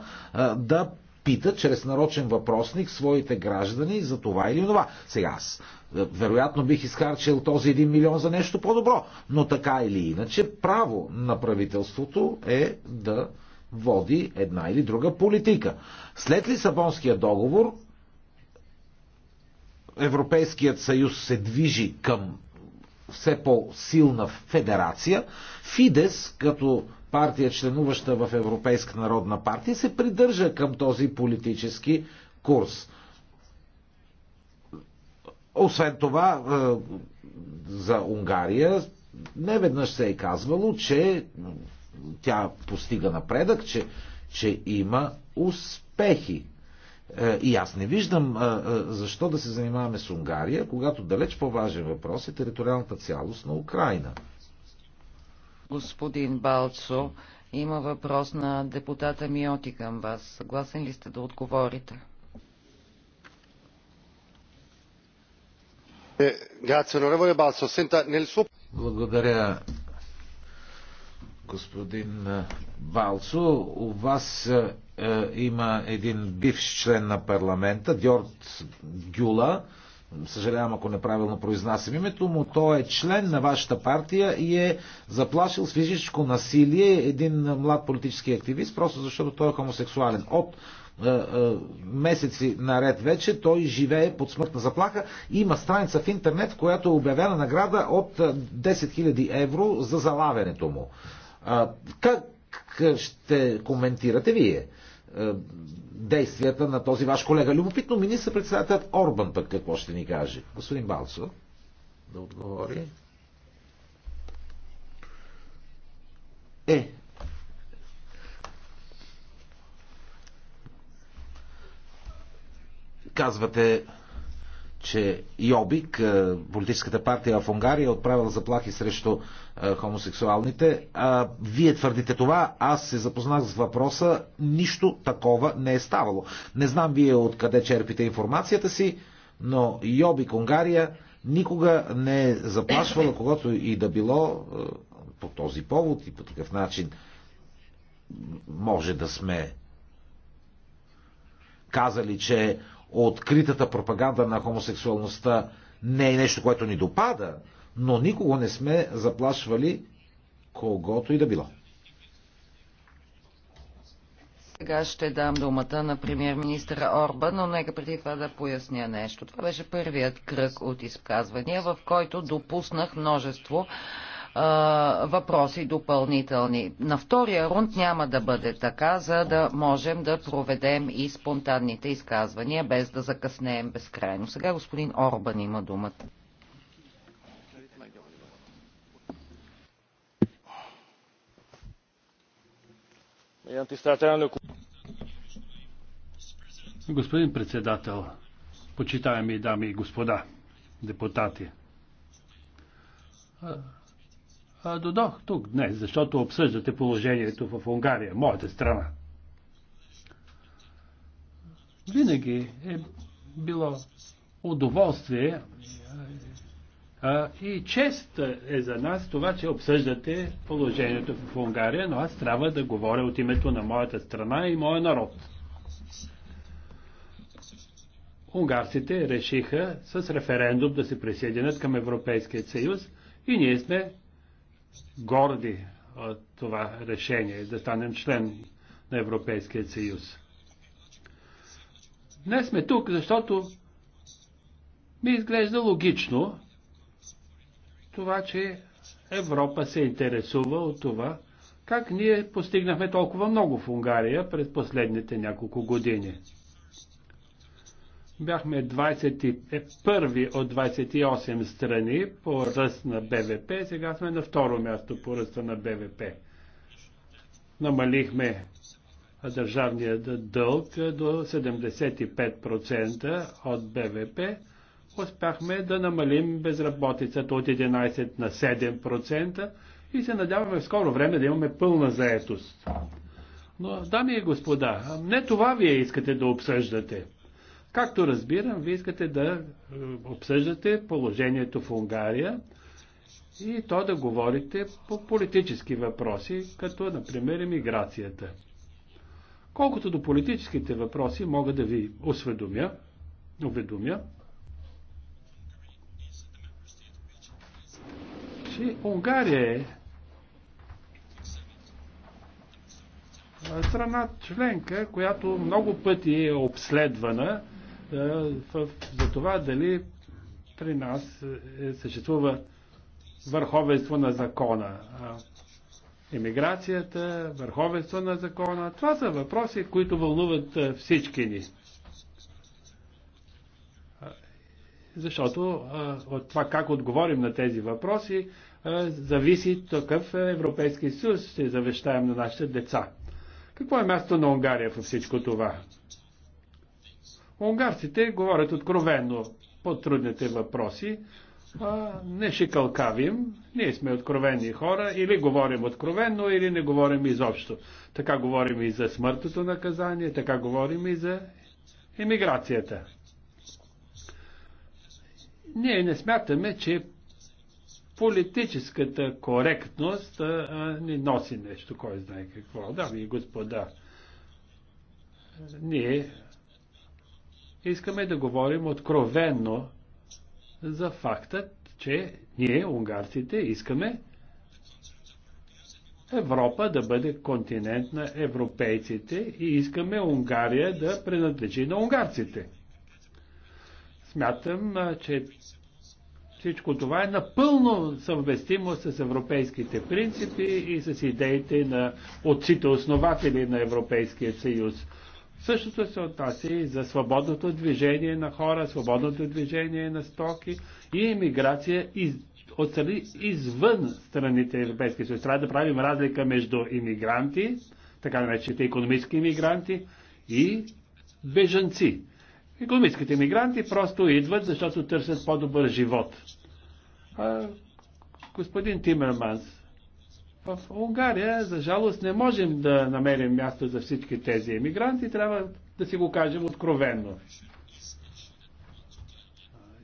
да пита чрез нарочен въпросник своите граждани за това или това. Сега аз вероятно бих изхарчил този 1 милион за нещо по-добро, но така или иначе право на правителството е да води една или друга политика. След Лисабонския договор Европейският съюз се движи към все по-силна федерация, Фидес, като партия, членуваща в Европейска народна партия, се придържа към този политически курс. Освен това, е, за Унгария не веднъж се е казвало, че тя постига напредък, че, че има успехи. Е, и аз не виждам е, е, защо да се занимаваме с Унгария, когато далеч по-важен въпрос е териториалната цялост на Украина. Господин Балцо, има въпрос на депутата Миоти към вас. Съгласен ли сте да отговорите? Благодаря, господин Балцо. У вас е, има един бивш член на парламента, Дьорд Гюла, съжалявам ако неправилно произнасям името му, той е член на вашата партия и е заплашил с физическо насилие един млад политически активист, просто защото той е хомосексуален. От е, е, месеци наред вече той живее под смъртна заплаха. Има страница в интернет, в която е обявена награда от 10 000 евро за залавянето му. как ще коментирате вие? Е, действията на този ваш колега. Любопитно министър председателят Орбан пък какво ще ни каже. Господин Балцо, да отговори. Е, казвате че Йобик, е, политическата партия в Унгария, е отправила заплахи срещу е, хомосексуалните. А, вие твърдите това, аз се запознах с въпроса, нищо такова не е ставало. Не знам вие откъде черпите информацията си, но Йобик Унгария никога не е заплашвала когато и да било е, по този повод и по такъв начин. Може да сме казали, че откритата пропаганда на хомосексуалността не е нещо, което ни допада, но никого не сме заплашвали когото и да било. Сега ще дам думата на премьер-министра Орба, но нека преди това да поясня нещо. Това беше първият кръг от изказвания, в който допуснах множество въпроси допълнителни. На втория рунд няма да бъде така, за да можем да проведем и спонтанните изказвания, без да закъснеем безкрайно. Сега господин Орбан има думата. Господин председател, почитаеми дами и господа депутати, додох тук днес, защото обсъждате положението в Унгария, моята страна. Винаги е било удоволствие а, и чест е за нас това, че обсъждате положението в Унгария, но аз трябва да говоря от името на моята страна и моя народ. Унгарците решиха с референдум да се присъединят към Европейския съюз и ние сме горди от това решение да станем член на Европейския съюз. Днес сме тук, защото ми изглежда логично това, че Европа се интересува от това, как ние постигнахме толкова много в Унгария през последните няколко години. Бяхме 21 от 28 страни по ръст на БВП, сега сме на второ място по ръста на БВП. Намалихме държавния дълг до 75% от БВП. Успяхме да намалим безработицата от 11 на 7% и се надяваме в скоро време да имаме пълна заетост. Но, дами и господа, не това вие искате да обсъждате. Както разбирам, вие искате да обсъждате положението в Унгария и то да говорите по политически въпроси, като например емиграцията. Колкото до политическите въпроси, мога да ви осведомя, уведомя, че Унгария е страна членка, която много пъти е обследвана е, за това дали при нас е, съществува върховенство на закона. Емиграцията, върховенство на закона, това са въпроси, които вълнуват е, всички ни. Защото от това как отговорим на тези въпроси, зависи такъв Европейски съюз ще завещаем на нашите деца. Какво е място на Унгария във всичко това? Унгарците говорят откровенно по трудните въпроси. А, не шикалкавим, ние сме откровени хора, или говорим откровенно, или не говорим изобщо. Така говорим и за смъртното наказание, така говорим и за емиграцията. Ние не смятаме, че политическата коректност а, а, не носи нещо, кой знае какво. Дами и господа, ние искаме да говорим откровенно за фактът, че ние, унгарците, искаме Европа да бъде континент на европейците и искаме Унгария да принадлежи на унгарците. Смятам, че всичко това е напълно съвместимо с европейските принципи и с идеите на отците основатели на Европейския съюз. Същото се отнася и за свободното движение на хора, свободното движение на стоки и емиграция из, от страни извън страните Европейски съюз. Трябва да правим разлика между иммигранти, така наречените економически иммигранти и бежанци. Економическите иммигранти просто идват, защото търсят по-добър живот. А, господин Тимерманс в Унгария, за жалост, не можем да намерим място за всички тези емигранти, трябва да си го кажем откровенно.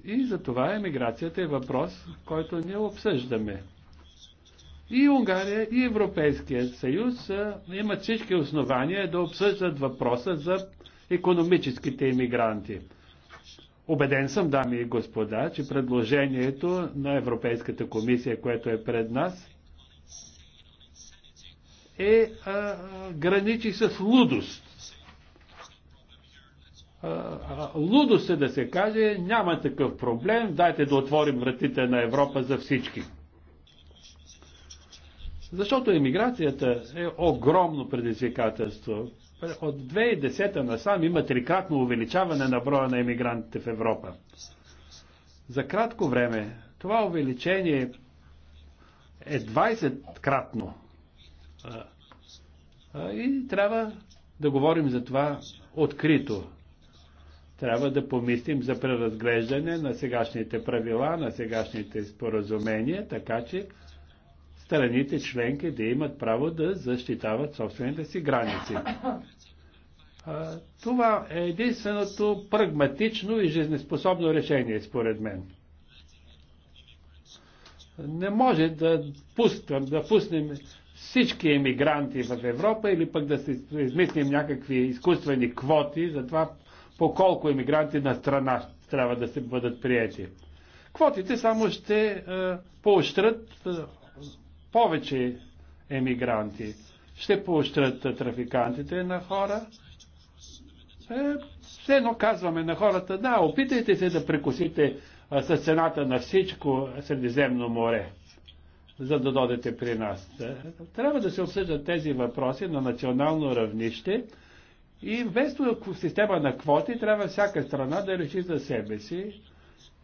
И за това емиграцията е въпрос, който ние обсъждаме. И Унгария, и Европейският съюз имат всички основания да обсъждат въпроса за економическите емигранти. Обеден съм, дами и господа, че предложението на Европейската комисия, което е пред нас, е а, граничи с лудост. Лудост е да се каже, няма такъв проблем, дайте да отворим вратите на Европа за всички. Защото емиграцията е огромно предизвикателство. От 2010 насам има трикратно увеличаване на броя на емигрантите в Европа. За кратко време това увеличение е 20-кратно. И трябва да говорим за това открито. Трябва да помислим за преразглеждане на сегашните правила, на сегашните споразумения, така че страните членки да имат право да защитават собствените си граници. Това е единственото прагматично и жизнеспособно решение, според мен. Не може да пуснем, да пуснем всички емигранти в Европа или пък да се измислим някакви изкуствени квоти за това по колко емигранти на страна трябва да се бъдат приети. Квотите само ще е, поощрят е, повече емигранти, ще поощрят е, трафикантите на хора. Е, все едно казваме на хората, да, опитайте се да прекусите е, с цената на всичко Средиземно море за да дойдете при нас. Е, трябва да се обсъждат тези въпроси на национално равнище и вместо система на квоти трябва всяка страна да реши за себе си.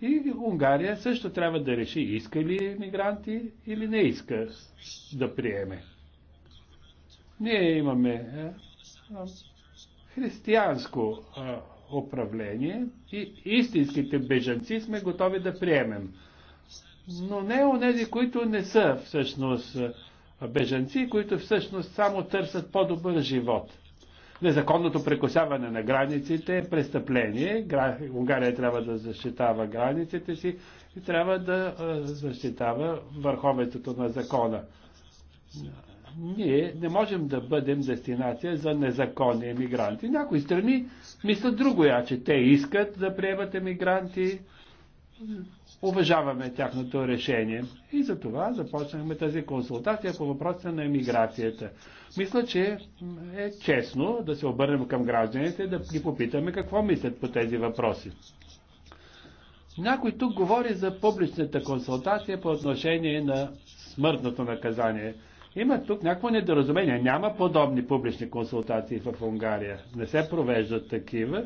И Унгария също трябва да реши иска ли мигранти или не иска да приеме. Ние имаме е, е, християнско управление и истинските бежанци сме готови да приемем но не онези, които не са всъщност е, бежанци, които всъщност само търсят по-добър живот. Незаконното прекосяване на границите е престъпление. Унгария трябва да защитава границите си и трябва да е, защитава върховетото на закона. Ние не можем да бъдем дестинация за незаконни емигранти. Някои страни мислят друго, че те искат да приемат емигранти, уважаваме тяхното решение. И за това започнахме тази консултация по въпроса на емиграцията. Мисля, че е честно да се обърнем към гражданите, да ги попитаме какво мислят по тези въпроси. Някой тук говори за публичната консултация по отношение на смъртното наказание. Има тук някакво недоразумение. Няма подобни публични консултации в Унгария. Не се провеждат такива.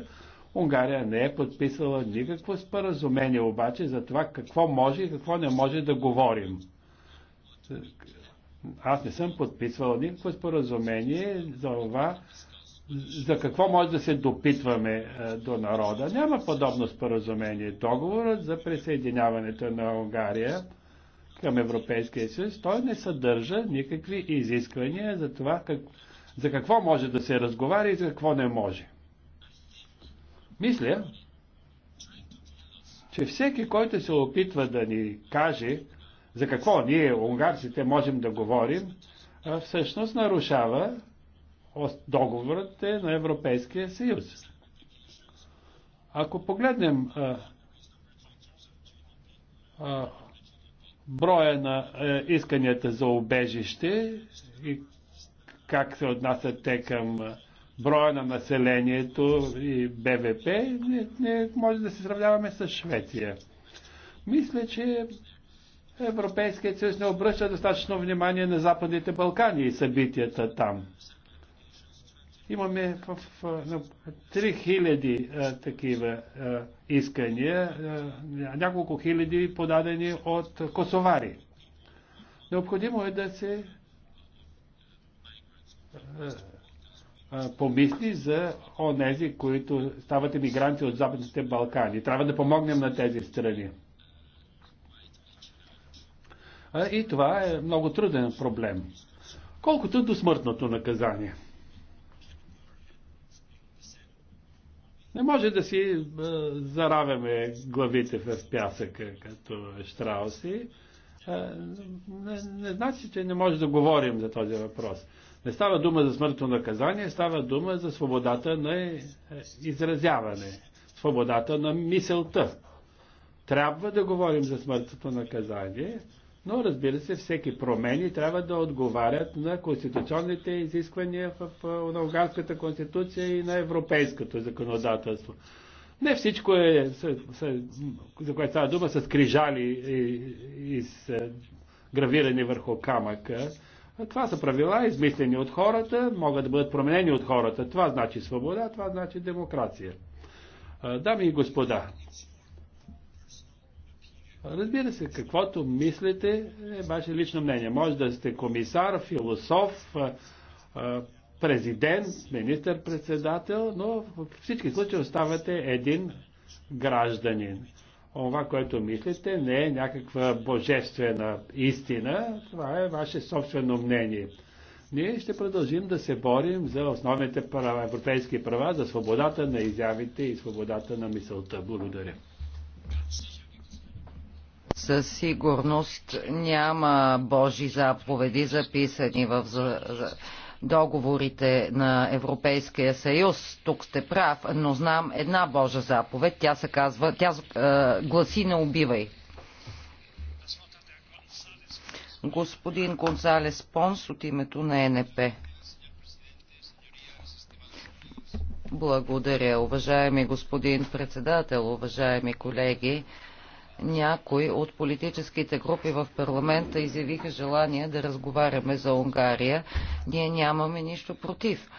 Унгария не е подписала никакво споразумение обаче за това какво може и какво не може да говорим. Аз не съм подписвала никакво споразумение за това, за какво може да се допитваме е, до народа. Няма подобно споразумение. Договорът за присъединяването на Унгария към Европейския съюз, той не съдържа никакви изисквания за това как, за какво може да се разговаря и за какво не може. Мисля, че всеки, който се опитва да ни каже за какво ние, унгарците, можем да говорим, всъщност нарушава договорът на Европейския съюз. Ако погледнем а, а, броя на а, исканията за обежище и как се отнасят те към а, броя на населението и БВП, не, не може да се сравняваме с Швеция. Мисля, че Европейският съюз не обръща достатъчно внимание на Западните Балкани и събитията там. Имаме в, в, в 3000 а, такива а, искания, а, няколко хиляди подадени от косовари. Необходимо е да се помисли за онези, които стават емигранти от Западните Балкани. Трябва да помогнем на тези страни. И това е много труден проблем. Колкото до смъртното наказание. Не може да си заравяме главите в пясъка, като штрауси. Не, не значи, че не може да говорим за този въпрос. Не става дума за смъртно наказание, става дума за свободата на изразяване, свободата на мисълта. Трябва да говорим за смъртното наказание, но разбира се, всеки промени трябва да отговарят на конституционните изисквания в, в, на Унгарската конституция и на европейското законодателство. Не всичко е, с, с, за което става дума, са скрижали и, и с е, гравирани върху камъка. Това са правила, измислени от хората, могат да бъдат променени от хората. Това значи свобода, това значи демокрация. Дами и господа, разбира се, каквото мислите е ваше лично мнение. Може да сте комисар, философ, президент, министър-председател, но във всички случаи оставате един гражданин това, което мислите, не е някаква божествена истина, това е ваше собствено мнение. Ние ще продължим да се борим за основните права, европейски права, за свободата на изявите и свободата на мисълта. Благодаря. Със сигурност няма Божи заповеди записани в договорите на Европейския съюз. Тук сте прав, но знам една Божа заповед. Тя се казва, тя е, гласи не убивай. Господин Гонзалес Понс от името на НП. Благодаря, уважаеми господин председател, уважаеми колеги някои от политическите групи в парламента изявиха желание да разговаряме за Унгария. Ние нямаме нищо против.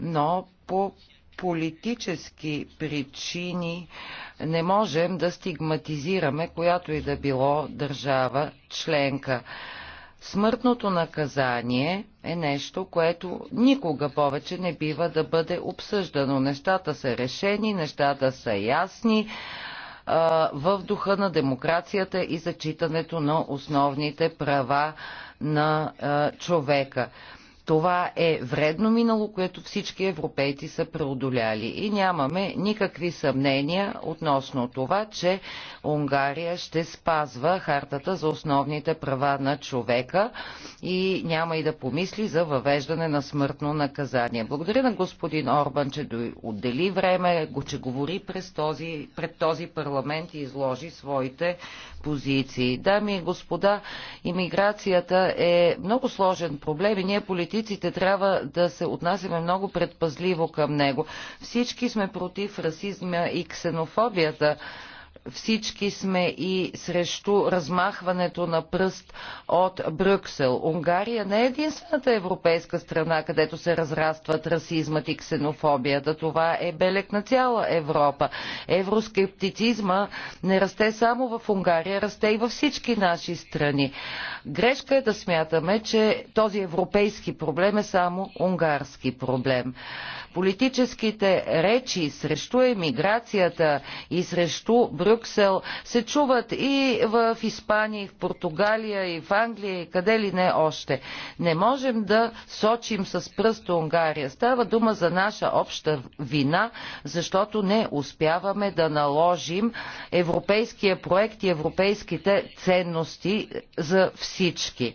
Но по политически причини не можем да стигматизираме която и да било държава членка. Смъртното наказание е нещо, което никога повече не бива да бъде обсъждано. Нещата са решени, нещата са ясни в духа на демокрацията и зачитането на основните права на човека. Това е вредно минало, което всички европейци са преодоляли и нямаме никакви съмнения относно това, че Унгария ще спазва хартата за основните права на човека и няма и да помисли за въвеждане на смъртно наказание. Благодаря на господин Орбан, че отдели време, че говори през този, пред този парламент и изложи своите позиции. Дами и господа, иммиграцията е много сложен проблем и ние политиците политиците трябва да се отнасяме много предпазливо към него. Всички сме против расизма и ксенофобията всички сме и срещу размахването на пръст от Брюксел. Унгария не е единствената европейска страна, където се разрастват расизмът и ксенофобията. Това е белег на цяла Европа. Евроскептицизма не расте само в Унгария, расте и във всички наши страни. Грешка е да смятаме, че този европейски проблем е само унгарски проблем. Политическите речи срещу емиграцията и срещу Брюксел Брюксел се чуват и в Испания, и в Португалия, и в Англия, и къде ли не още. Не можем да сочим с пръст Унгария. Става дума за наша обща вина, защото не успяваме да наложим европейския проект и европейските ценности за всички.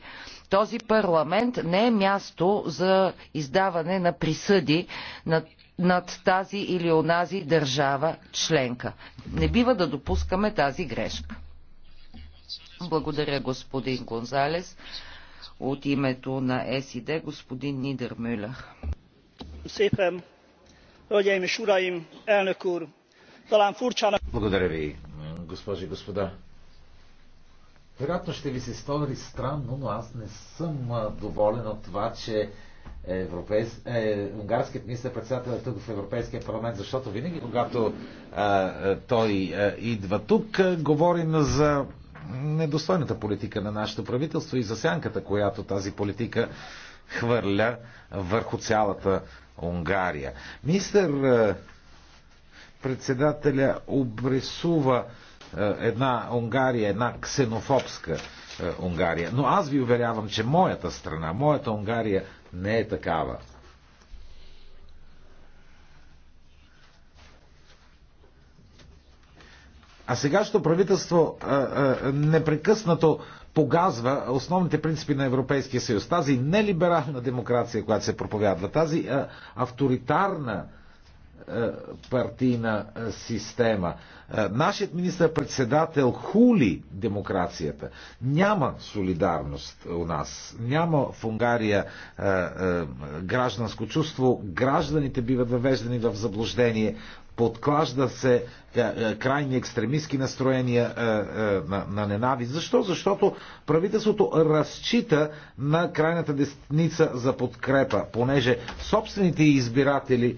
Този парламент не е място за издаване на присъди на над тази или онази държава членка. Не бива да допускаме тази грешка. Благодаря, господин Гонзалес. От името на СИД, господин Нидер Нидермюлер. Благодаря ви, госпожи и господа. Вероятно ще ви се стори странно, но аз не съм доволен от това, че европейс... е, унгарският министр председател е тук в Европейския парламент, защото винаги, когато а, е, е, той а, е, идва тук, а, говорим за недостойната политика на нашето правителство и за сянката, която тази политика хвърля върху цялата Унгария. Мистер председателя обрисува една Унгария, една ксенофобска е, Унгария. Но аз ви уверявам, че моята страна, моята Унгария не е такава. А сегашното правителство а, е, а, е, непрекъснато погазва основните принципи на Европейския съюз. Тази нелиберална демокрация, която се проповядва, тази а, авторитарна е, партийна е, система. Е, нашият министър-председател хули демокрацията. Няма солидарност у нас. Няма в Унгария гражданско чувство. Гражданите биват въвеждани в заблуждение. Подклажда се крайни екстремистски настроения на, ненави. ненавист. Защо? Защото правителството разчита на крайната десница за подкрепа, понеже собствените избиратели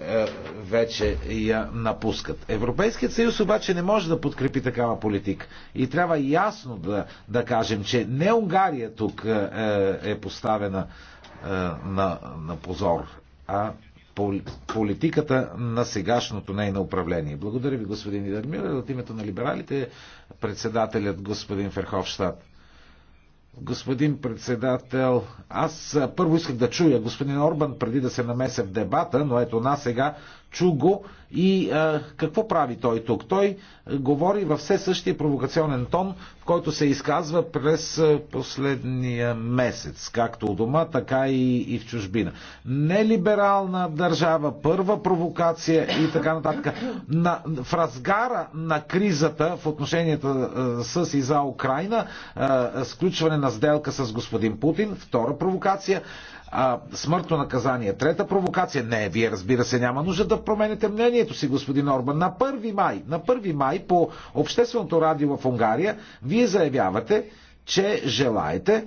е, вече я напускат. Европейският съюз обаче не може да подкрепи такава политика. И трябва ясно да, да кажем, че не Унгария тук е, е, е поставена на, на позор, а политиката на сегашното нейно управление. Благодаря ви, господин Идармир. От името на либералите председателят господин Ферховщад. Господин председател, аз първо исках да чуя господин Орбан преди да се намеся в дебата, но ето на сега чу го и а, какво прави той тук? Той говори във все същия провокационен тон, в който се изказва през последния месец, както у дома, така и, и в чужбина. Нелиберална държава, първа провокация и така нататък. На, в разгара на кризата в отношенията а, с и за Украина, а, сключване на сделка с господин Путин, втора провокация а, смъртно наказание. Трета провокация. Не, вие разбира се няма нужда да промените мнението си, господин Орбан. На 1 май, на 1 май по Общественото радио в Унгария вие заявявате, че желаете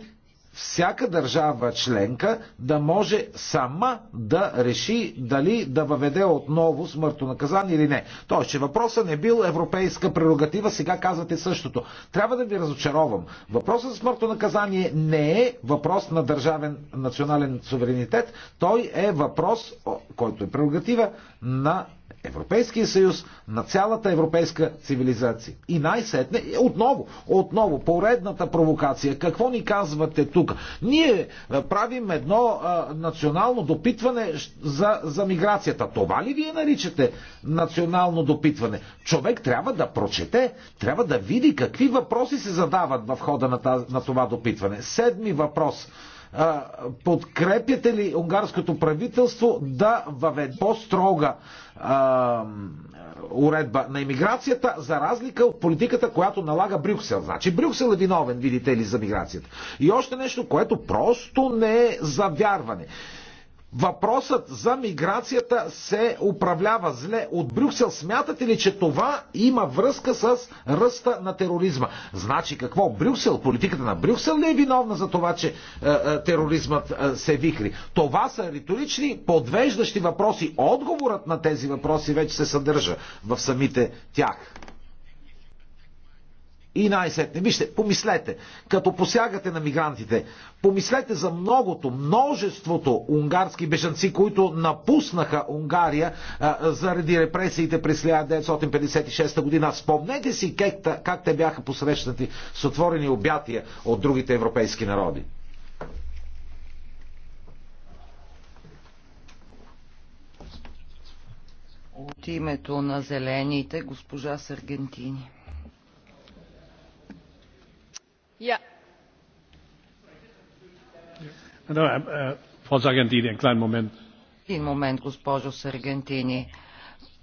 всяка държава членка да може сама да реши дали да въведе отново смъртно наказание или не. Тоест, че въпросът не бил европейска прерогатива, сега казвате същото. Трябва да ви разочаровам. Въпросът за смъртно наказание не е въпрос на държавен национален суверенитет, той е въпрос, който е прерогатива на Европейския съюз, на цялата европейска цивилизация. И най-сетне, е, отново, отново, поредната провокация. Какво ни казвате тук? Ние е, правим едно а, е, национално допитване за, за миграцията. Това ли вие наричате национално допитване? Човек трябва да прочете, трябва да види какви въпроси се задават в хода на, таз, на това допитване. Седми въпрос подкрепяте ли унгарското правителство да въведе по-строга а, уредба на иммиграцията, за разлика от политиката, която налага Брюксел. Значи Брюксел е виновен, видите ли, за миграцията. И още нещо, което просто не е завярване. Въпросът за миграцията се управлява зле от Брюксел. Смятате ли, че това има връзка с ръста на тероризма? Значи какво? Брюксел, политиката на Брюксел не е виновна за това, че е, е, тероризмът е, се вихри? Това са риторични, подвеждащи въпроси. Отговорът на тези въпроси вече се съдържа в самите тях. И най-сетне, вижте, помислете, като посягате на мигрантите, помислете за многото, множеството унгарски бежанци, които напуснаха Унгария а, заради репресиите през 1956 година. Спомнете си как, как те бяха посрещнати с отворени обятия от другите европейски народи. От името на зелените госпожа Саргентини. Е, един момент, госпожо Саргентини.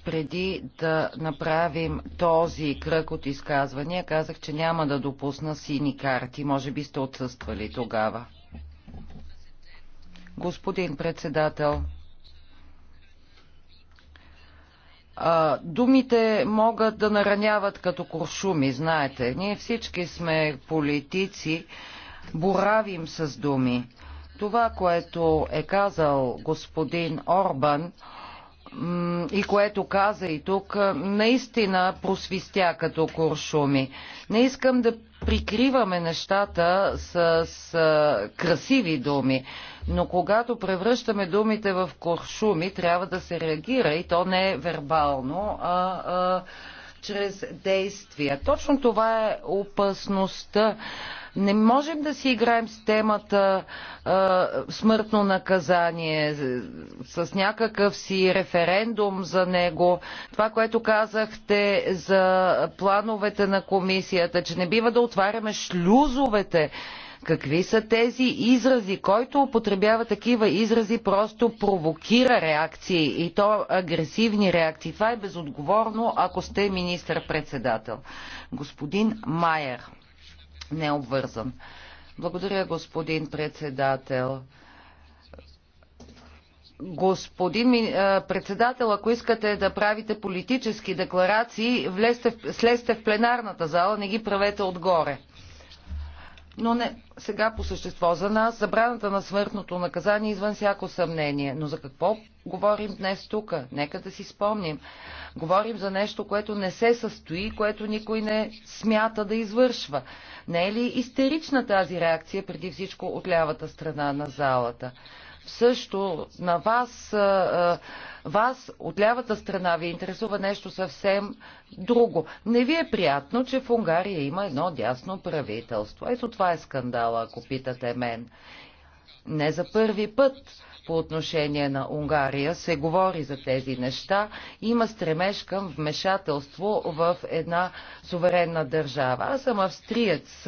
Преди да направим този кръг от изказвания, казах, че няма да допусна сини карти. Може би сте отсъствали тогава. Господин председател, А, думите могат да нараняват като куршуми, знаете. Ние всички сме политици, боравим с думи. Това, което е казал господин Орбан, и което каза и тук, наистина просвистя като куршуми. Не искам да прикриваме нещата с, с красиви думи. Но когато превръщаме думите в куршуми, трябва да се реагира и то не е вербално, а, а чрез действия. Точно това е опасността. Не можем да си играем с темата а, смъртно наказание, с някакъв си референдум за него. Това, което казахте за плановете на комисията, че не бива да отваряме шлюзовете Какви са тези изрази? Който употребява такива изрази, просто провокира реакции и то агресивни реакции. Това е безотговорно, ако сте министър-председател. Господин Майер, не обвързан. Благодаря, господин председател. Господин председател, ако искате да правите политически декларации, влезте, слезте в пленарната зала, не ги правете отгоре. Но не сега по същество за нас. Забраната на смъртното наказание е извън всяко съмнение. Но за какво говорим днес тук? Нека да си спомним. Говорим за нещо, което не се състои, което никой не смята да извършва. Не е ли истерична тази реакция преди всичко от лявата страна на залата? също на вас, вас от лявата страна ви интересува нещо съвсем друго. Не ви е приятно, че в Унгария има едно дясно правителство. Ето това е скандала, ако питате мен. Не за първи път по отношение на Унгария се говори за тези неща. Има стремеж към вмешателство в една суверенна държава. Аз съм австриец.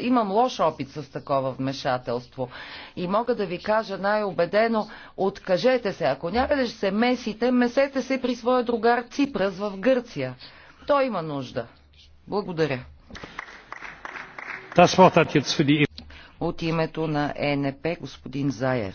Имам лош опит с такова вмешателство. И мога да ви кажа най-убедено, откажете се. Ако някъде ще се месите, месете се при своя другар Ципрас в Гърция. Той има нужда. Благодаря. От името на ЕНП господин Заер.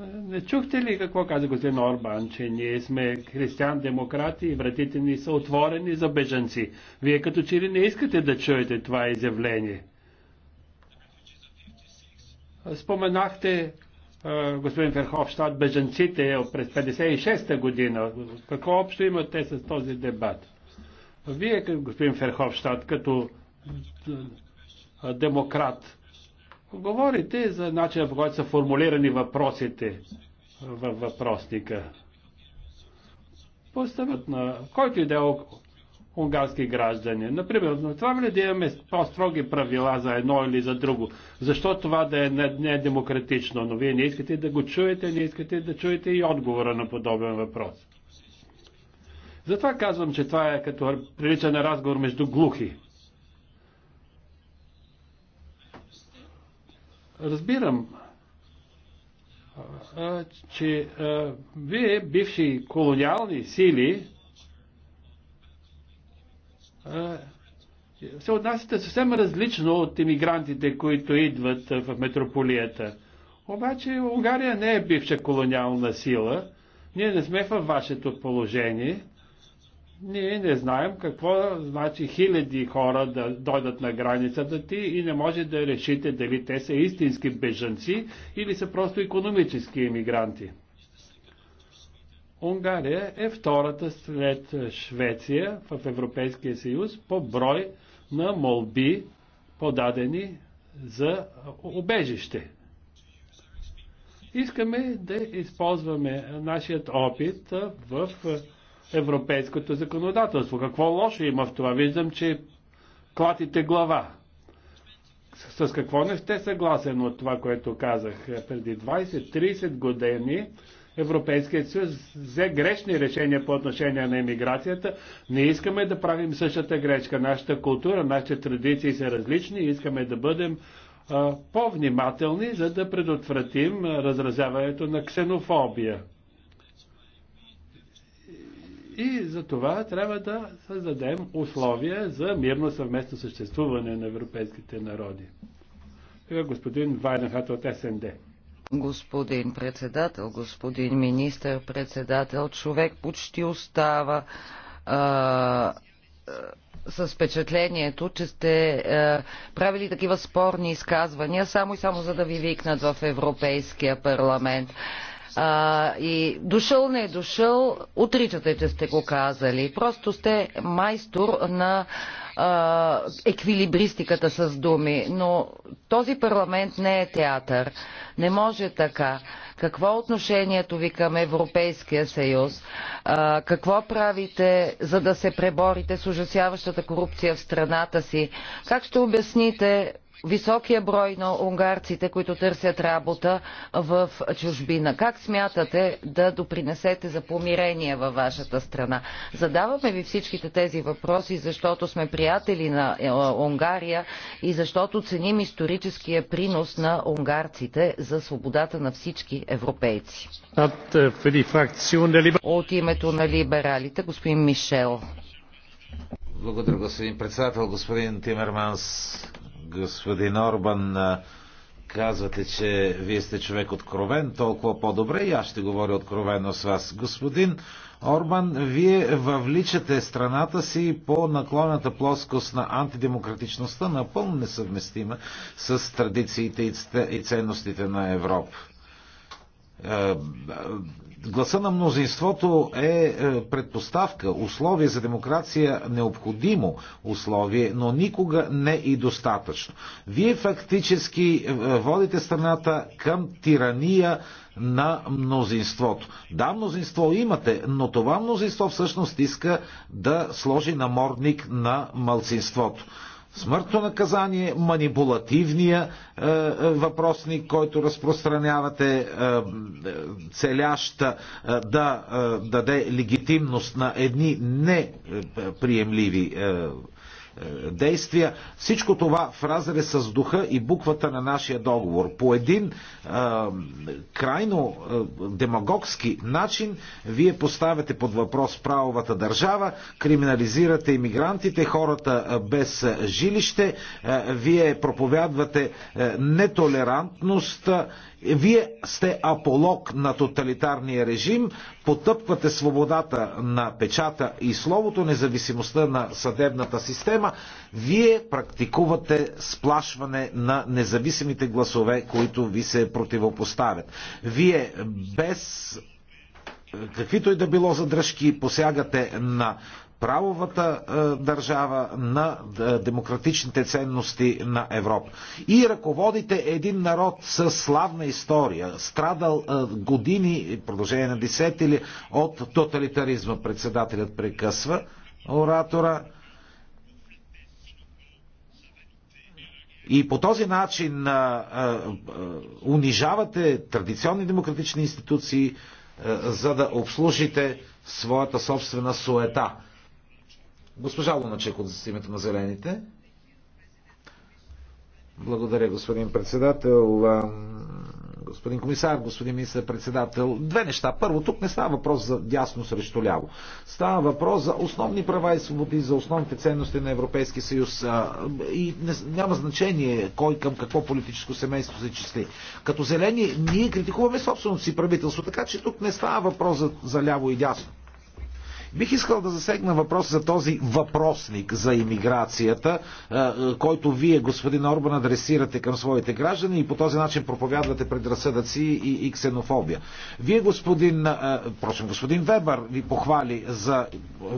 Не чухте ли какво каза господин Орбан, че ние сме християн-демократи и вратите ни са отворени за бежанци? Вие като че ли не искате да чуете това изявление? Споменахте, господин Ферховщад, бежанците през 56-та година. Какво общо имате с този дебат? Вие, господин Ферховщад, като демократ, Говорите за начина по който са формулирани въпросите във въпросника. Поставят на който и да е унгарски граждани. Например, на това ли да имаме по-строги правила за едно или за друго? Защо това да е не, е демократично? Но вие не искате да го чуете, не искате да чуете и отговора на подобен въпрос. Затова казвам, че това е като прилича на разговор между глухи. Разбирам, че вие, бивши колониални сили, се отнасяте съвсем различно от иммигрантите, които идват в метрополията. Обаче Унгария не е бивша колониална сила. Ние не сме във вашето положение. Ние не знаем какво значи хиляди хора да дойдат на границата ти и не може да решите дали те са истински бежанци или са просто економически емигранти. Унгария е втората след Швеция в Европейския съюз по брой на молби подадени за убежище. Искаме да използваме нашият опит в европейското законодателство. Какво лошо има в това? Виждам, че клатите глава. С, с какво не сте съгласен от това, което казах? Преди 20-30 години Европейският съюз взе грешни решения по отношение на иммиграцията. Не искаме да правим същата грешка. Нашата култура, нашите традиции са различни. Искаме да бъдем по-внимателни, за да предотвратим разразяването на ксенофобия. И за това трябва да създадем условия за мирно съвместно съществуване на европейските народи. Сега господин Вайнахат от СНД. Господин председател, господин министър председател, човек почти остава а, с впечатлението, че сте а, правили такива спорни изказвания, само и само за да ви викнат в Европейския парламент. А, и дошъл не е дошъл, отричате, че сте го казали. Просто сте майстор на а, еквилибристиката с думи. Но този парламент не е театър. Не може така. Какво е отношението ви към Европейския съюз? А, какво правите, за да се преборите с ужасяващата корупция в страната си? Как ще обясните високия брой на унгарците, които търсят работа в чужбина. Как смятате да допринесете за помирение във вашата страна? Задаваме ви всичките тези въпроси, защото сме приятели на е, Унгария и защото ценим историческия принос на унгарците за свободата на всички европейци. От е, името на либералите, господин Мишел. Благодаря, господин председател, господин Тимерманс, господин Орбан, казвате, че вие сте човек откровен, толкова по-добре и аз ще говоря откровено с вас. Господин Орбан, вие въвличате страната си по наклонната плоскост на антидемократичността, напълно несъвместима с традициите и ценностите на Европа. Е, е, гласа на мнозинството е, е предпоставка, условие за демокрация, необходимо условие, но никога не и достатъчно. Вие фактически водите страната към тирания на мнозинството. Да, мнозинство имате, но това мнозинство всъщност иска да сложи намордник на малцинството смъртно наказание, манипулативния е, е, въпросник, който разпространявате, е, е целяща е, да е, даде легитимност на едни неприемливи е, е, действия. Всичко това в разре с духа и буквата на нашия договор. По един а, е, крайно а, е, демагогски начин вие поставяте под въпрос правовата държава, криминализирате иммигрантите, хората без жилище, а, вие проповядвате а, нетолерантност вие сте аполог на тоталитарния режим, потъпквате свободата на печата и словото, независимостта на съдебната система. Вие практикувате сплашване на независимите гласове, които ви се противопоставят. Вие без каквито и да било задръжки посягате на правовата е, държава, на е, демократичните ценности на Европа. И ръководите един народ с славна история, страдал е, години, продължение на десетили от тоталитаризма. Председателят прекъсва оратора. И по този начин а, а, унижавате традиционни демократични институции, а, за да обслужите своята собствена суета. Госпожа Луначек от името на Зелените. Благодаря, господин председател. Господин комисар, господин министър председател две неща. Първо, тук не става въпрос за дясно срещу ляво. Става въпрос за основни права и свободи, за основните ценности на Европейския съюз. И не, няма значение кой към какво политическо семейство се числи. Като зелени, ние критикуваме собственото си правителство, така че тук не става въпрос за, за ляво и дясно. Бих искал да засегна въпрос за този въпросник за иммиграцията, който вие, господин Орбан, адресирате към своите граждани и по този начин проповядвате предразсъдъци и, и ксенофобия. Вие, господин, прочим, господин Вебър ви похвали за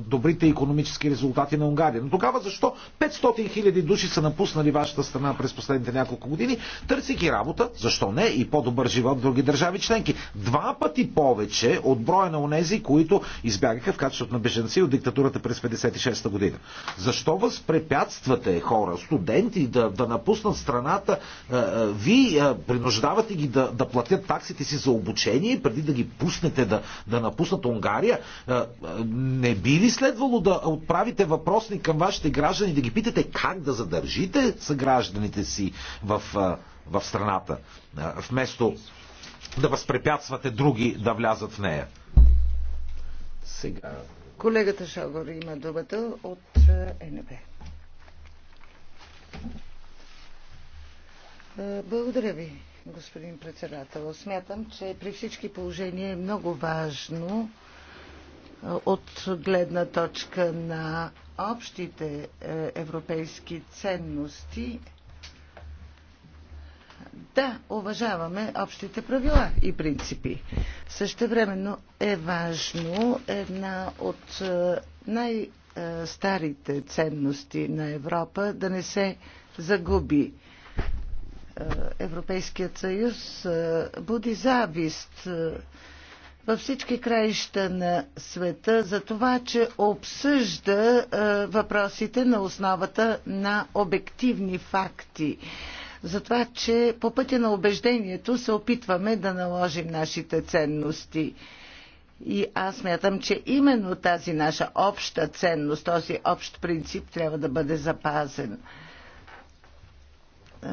добрите економически резултати на Унгария. Но тогава защо 500 хиляди души са напуснали вашата страна през последните няколко години, търсики работа, защо не, и по-добър живот в други държави членки? Два пъти повече от броя на онези, които избягаха в качеството поточът на беженци от диктатурата през 56-та година. Защо възпрепятствате хора, студенти да, да напуснат страната? Е, е, ви е, принуждавате ги да, да платят таксите си за обучение, преди да ги пуснете да, да напуснат Унгария. Не би ли следвало да отправите въпросни към вашите граждани, да ги питате как да задържите съгражданите си в, в страната, вместо да възпрепятствате други да влязат в нея. Сега. Колегата Шагор има думата от е, НБ. Благодаря ви, господин председател. Смятам, че при всички положения е много важно от гледна точка на общите е, европейски ценности да уважаваме общите правила и принципи. Същевременно е важно една от е, най-старите ценности на Европа да не се загуби. Е, Европейският съюз е, буди завист във всички краища на света за това, че обсъжда въпросите на основата на обективни факти за това, че по пътя на убеждението се опитваме да наложим нашите ценности. И аз мятам, че именно тази наша обща ценност, този общ принцип трябва да бъде запазен. Е,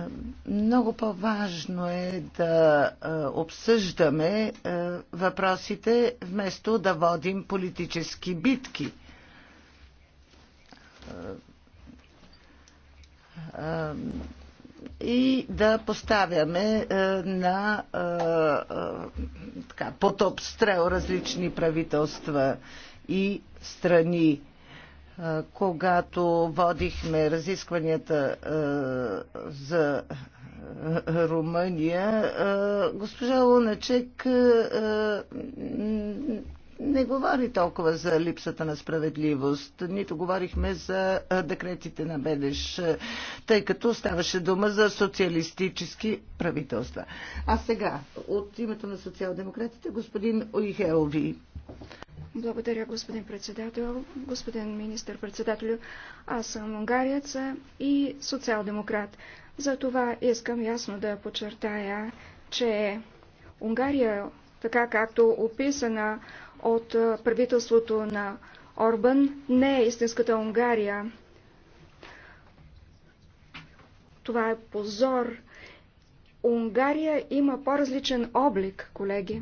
много по-важно е да е, обсъждаме е, въпросите, вместо да водим политически битки и да поставяме е, на е, е, така, под обстрел различни правителства и страни. Когато водихме разискванията за Румъния, госпожа Луначек не говори толкова за липсата на справедливост, нито говорихме за декретите на Бедеш, тъй като ставаше дума за социалистически правителства. А сега, от името на социал-демократите, господин Ойхелови. Благодаря, господин председател. Господин министър председател аз съм унгарец и социал-демократ. За това искам ясно да подчертая, че Унгария, така както описана от правителството на Орбан не е истинската Унгария. Това е позор. Унгария има по-различен облик, колеги.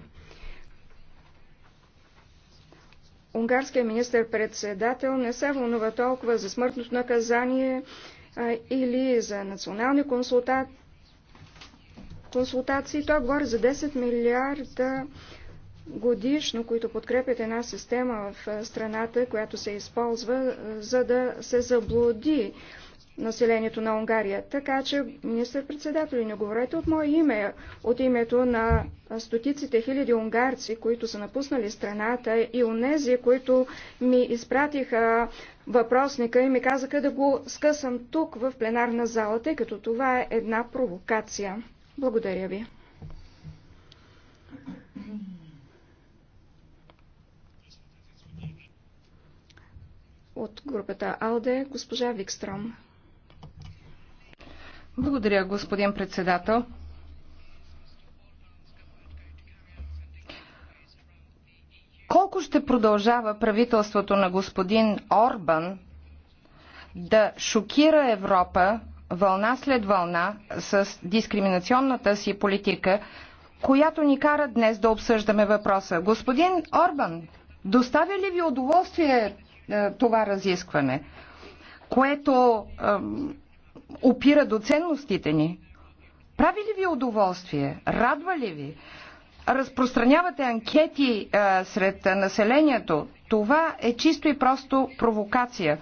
Унгарският министр-председател не се вълнува толкова за смъртното наказание а, или за национални консулта... консултации. Той говори за 10 милиарда годишно, които подкрепят една система в страната, която се използва, за да се заблуди населението на Унгария. Така че, министър-председател, не говорете от мое име, от името на стотиците хиляди унгарци, които са напуснали страната и онези, които ми изпратиха въпросника и ми казаха да го скъсам тук в пленарна зала, тъй като това е една провокация. Благодаря ви. От групата АЛДЕ, госпожа Викстром. Благодаря, господин председател. Колко ще продължава правителството на господин Орбан да шокира Европа вълна след вълна с дискриминационната си политика, която ни кара днес да обсъждаме въпроса. Господин Орбан, доставя ли ви удоволствие е, това разискване, което опира до ценностите ни, прави ли ви удоволствие? Радва ли ви? Разпространявате анкети е, сред населението. Това е чисто и просто провокация.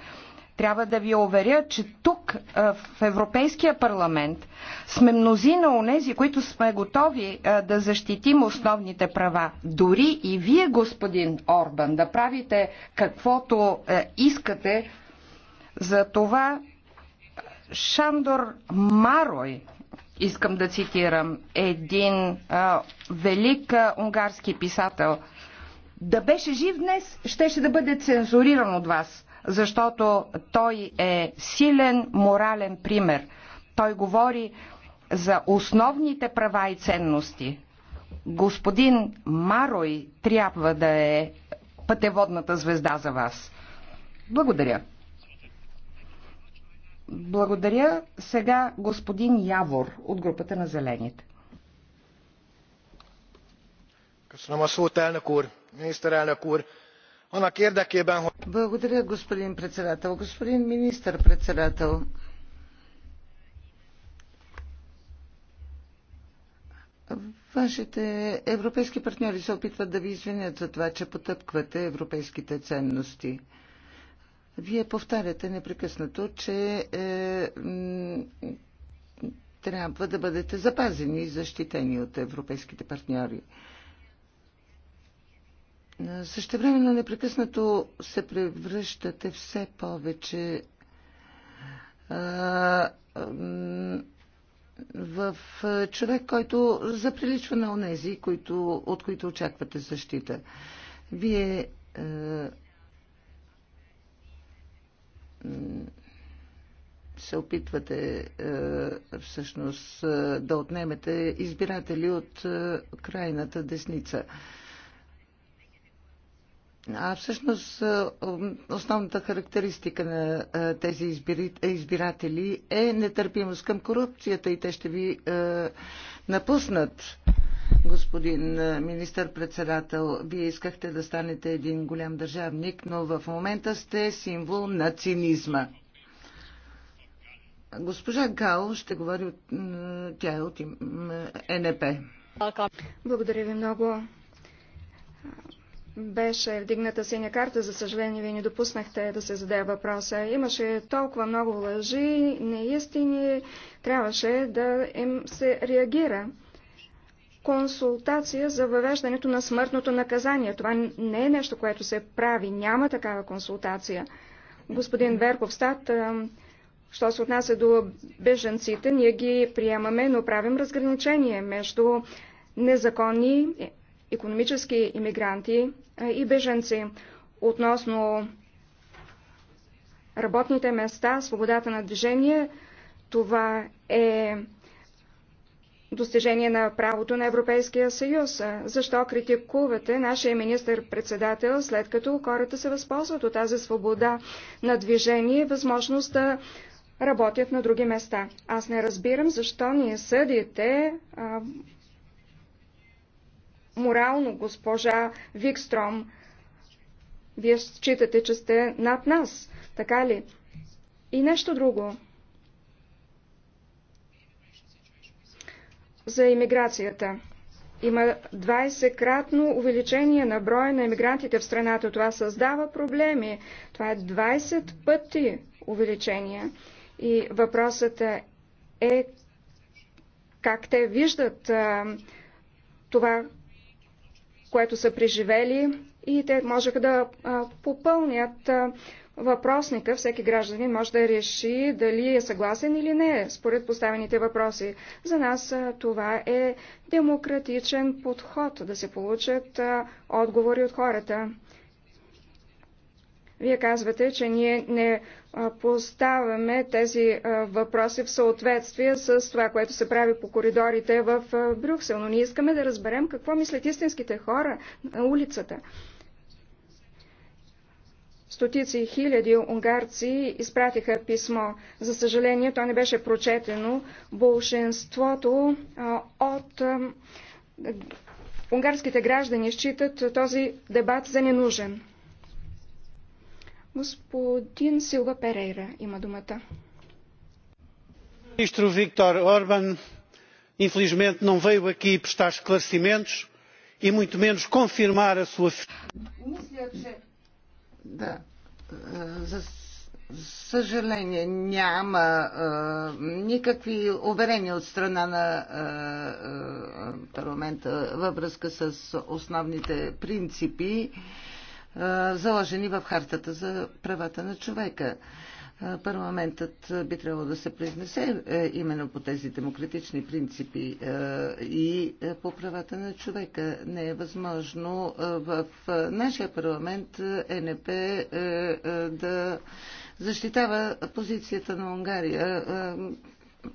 Трябва да ви уверя, че тук е, в Европейския парламент сме мнозина онези, които сме готови е, да защитим основните права. Дори и вие, господин Орбан, да правите каквото е, искате за това Шандор Марой, искам да цитирам, един велик унгарски писател, да беше жив днес, щеше ще да бъде цензуриран от вас защото той е силен морален пример. Той говори за основните права и ценности. Господин Марой трябва да е пътеводната звезда за вас. Благодаря. Благодаря. Сега господин Явор от групата на Зелените. Köszönöm a szót, elnök úr, miniszterelnök úr. Благодаря, господин председател. Господин министър-председател, вашите европейски партньори се опитват да ви извинят за това, че потъпквате европейските ценности. Вие повтаряте непрекъснато, че е, трябва да бъдете запазени и защитени от европейските партньори. Същевременно непрекъснато се превръщате все повече в човек, който заприличва на онези, които, от които очаквате защита. Вие се опитвате всъщност да отнемете избиратели от крайната десница. А всъщност е, е, основната характеристика на е, тези избиратели е нетърпимост към корупцията и те ще ви напуснат. Господин министър-председател, вие искахте да станете един голям държавник, но в момента сте символ на цинизма. Госпожа Гао ще говори от, тя е от ЕНП. Благодаря ви много беше вдигната синя карта. За съжаление, вие не допуснахте да се зададе въпроса. Имаше толкова много лъжи, неистини. Трябваше да им се реагира. Консултация за въвеждането на смъртното наказание. Това не е нещо, което се прави. Няма такава консултация. Господин Верховстат, що се отнася до беженците, ние ги приемаме, но правим разграничение между незаконни економически иммигранти и беженци, относно работните места, свободата на движение. Това е достижение на правото на Европейския съюз. Защо критикувате нашия министр-председател, след като хората се възползват от тази свобода на движение и възможност да работят на други места? Аз не разбирам защо ние съдите а, морално, госпожа Викстром. Вие считате, че сте над нас, така ли? И нещо друго. За иммиграцията. Има 20-кратно увеличение на броя на иммигрантите в страната. Това създава проблеми. Това е 20 пъти увеличение. И въпросът е, е как те виждат а, това, което са преживели и те можеха да попълнят въпросника. Всеки гражданин може да реши дали е съгласен или не според поставените въпроси. За нас това е демократичен подход да се получат отговори от хората. Вие казвате, че ние не поставяме тези въпроси в съответствие с това, което се прави по коридорите в Брюксел, но ние искаме да разберем какво мислят истинските хора на улицата. Стотици и хиляди унгарци изпратиха писмо. За съжаление, то не беше прочетено. Болшинството от унгарските граждани считат този дебат за ненужен. Господин Силва Перейра има думата. Министр Виктор Орбан, infelizmente não veio aqui prestar esclarecimentos e muito menos confirmar a sua. Да. За съжаление няма а, никакви уверения от страна на а, парламента във връзка с основните принципи. А, заложени в хартата за правата на човека. Парламентът би трябвало да се произнесе именно по тези демократични принципи и по правата на човека. Не е възможно в нашия парламент НП да защитава позицията на Унгария,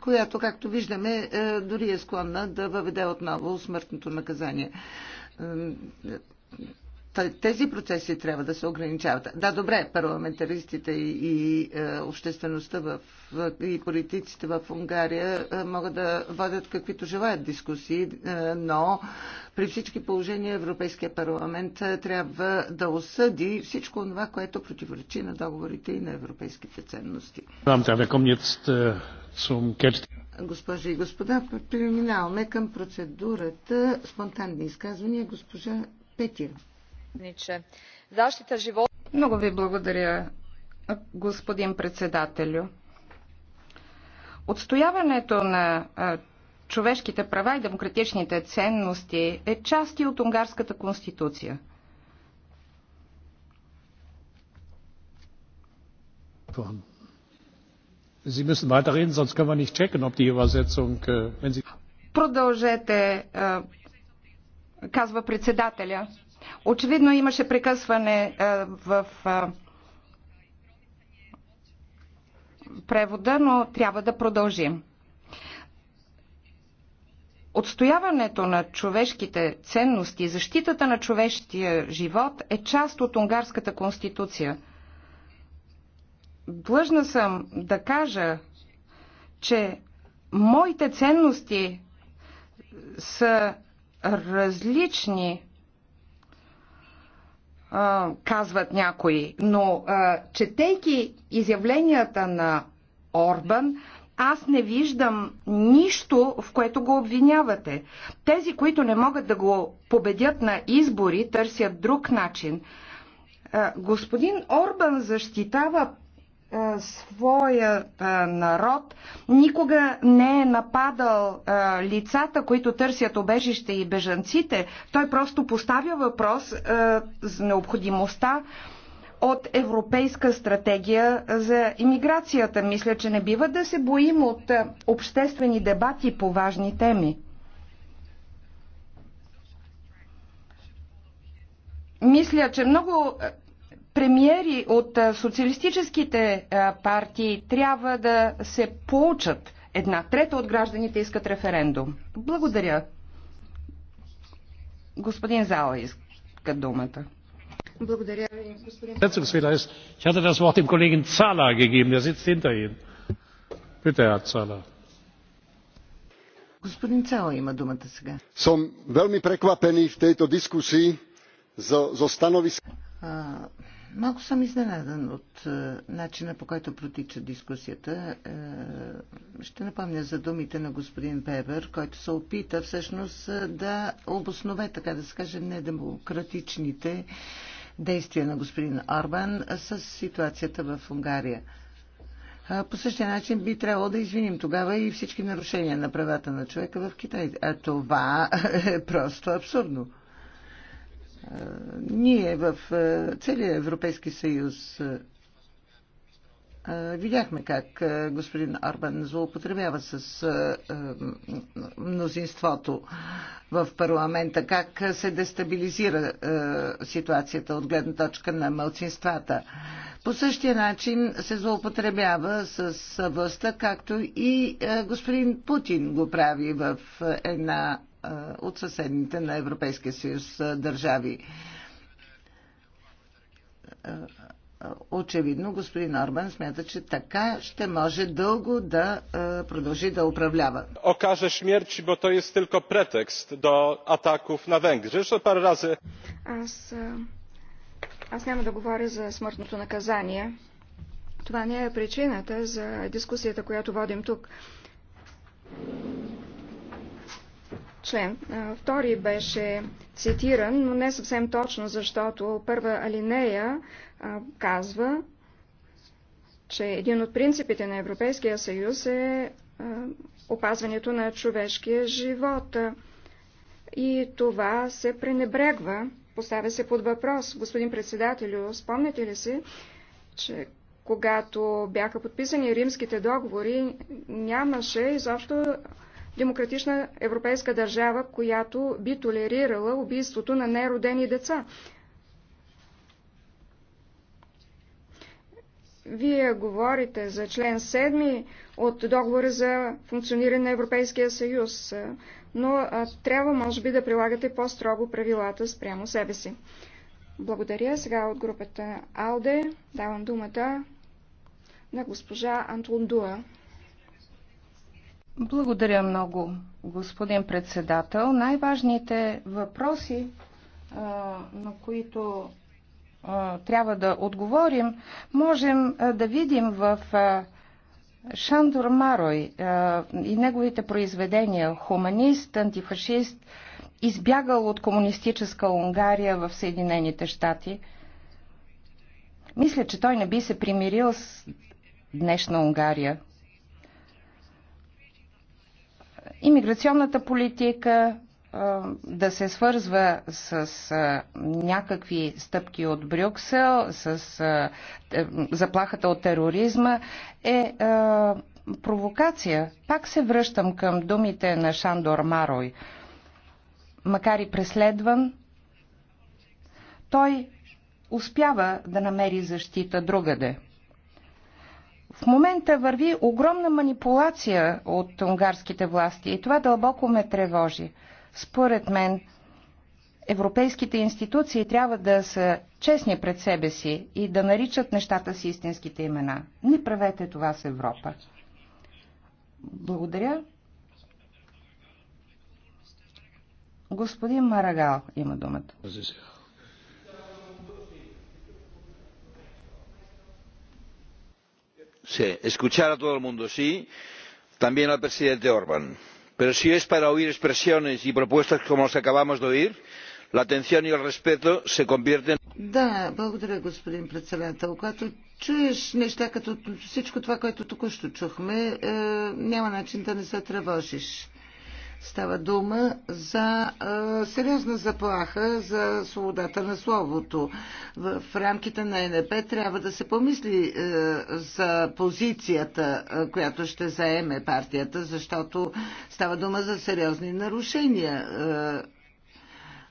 която, както виждаме, дори е склонна да въведе отново смъртното наказание тези процеси трябва да се ограничават. Да, добре, парламентаристите и е, обществеността в, и политиците в Унгария е, могат да водят каквито желаят дискусии, е, но при всички положения Европейския парламент трябва да осъди всичко това, което противоречи на договорите и на европейските ценности. Госпожи и господа, преминаваме към процедурата спонтанни изказвания. Госпожа Петия. Много ви благодаря, господин председателю. Отстояването на човешките права и демократичните ценности е част и от унгарската конституция. Продължете, казва председателя. Очевидно имаше прекъсване е, в е, превода, но трябва да продължим. Отстояването на човешките ценности, защитата на човешкия живот е част от унгарската конституция. Длъжна съм да кажа, че моите ценности са различни казват някои. Но четейки изявленията на Орбан, аз не виждам нищо, в което го обвинявате. Тези, които не могат да го победят на избори, търсят друг начин. Господин Орбан защитава е, своя е, народ, никога не е нападал е, лицата, които търсят обежище и бежанците. Той просто поставя въпрос за необходимостта от европейска стратегия за иммиграцията. Мисля, че не бива да се боим от обществени дебати по важни теми. Мисля, че много премиери от социалистическите партии трябва да се получат. Една трета от гражданите искат референдум. Благодаря. Господин Зала иска думата. Благодаря ви, господин. Зала. Господин Цала има думата сега. Съм veľmi prekvapený в тези дискусии за, за становиска. Малко съм изненадан от е, начина по който протича дискусията. Е, ще напомня за думите на господин Бебер, който се опита всъщност е, да обоснове, така да се каже, недемократичните действия на господин Орбан с ситуацията в Унгария. По същия начин би трябвало да извиним тогава и всички нарушения на правата на човека в Китай. А това е просто абсурдно. Ние в е, целия Европейски съюз е, е, видяхме как господин Арбан злоупотребява с мнозинството в парламента, как се дестабилизира ситуацията от гледна точка на мълцинствата. По същия начин се злоупотребява с властта, както и господин Путин го прави в една от съседните на Европейския съюз държави. Очевидно, господин Орбан смята, че така ще може дълго да продължи да управлява. Окаже смерти, бо то е tylko претекст до атаков на Венгри. Ще пара рази... Аз, аз няма да говоря за смъртното наказание. Това не е причината за дискусията, която водим тук. Член втори беше цитиран, но не съвсем точно, защото първа алинея казва, че един от принципите на Европейския съюз е опазването на човешкия живот. И това се пренебрегва, поставя се под въпрос. Господин председателю, спомняте ли си, че когато бяха подписани римските договори, нямаше изобщо демократична европейска държава, която би толерирала убийството на неродени деца. Вие говорите за член 7 от договора за функциониране на Европейския съюз, но трябва, може би, да прилагате по-строго правилата спрямо себе си. Благодаря. Сега от групата АЛДЕ давам думата на госпожа Антон Дуа. Благодаря много, господин председател. Най-важните въпроси, на които трябва да отговорим, можем да видим в Шандор Марой и неговите произведения хуманист, антифашист, избягал от комунистическа Унгария в Съединените щати. Мисля, че той не би се примирил с днешна Унгария. Имиграционната политика да се свързва с някакви стъпки от Брюксел, с е, заплахата от тероризма е провокация. Пак се връщам към думите на Шандор Марой. Макар и преследван, той успява да намери защита другаде. В момента върви огромна манипулация от унгарските власти и това дълбоко ме тревожи. Според мен, европейските институции трябва да са честни пред себе си и да наричат нещата си истинските имена. Не правете това с Европа. Благодаря. Господин Марагал има думата. sí escuchar a todo el mundo sí también al presidente orbán. pero si es para oír expresiones y propuestas como las que acabamos de oír la atención y el respeto se convierten. Да, благодаря, господин председател. Когато чуеш неща като всичко това, което току-що чухме, е, няма начин да не се тревожиш. Става дума за а, сериозна заплаха за свободата на словото. В, в рамките на НП трябва да се помисли а, е, за позицията, а, е, която ще заеме партията, защото става дума за сериозни нарушения. А,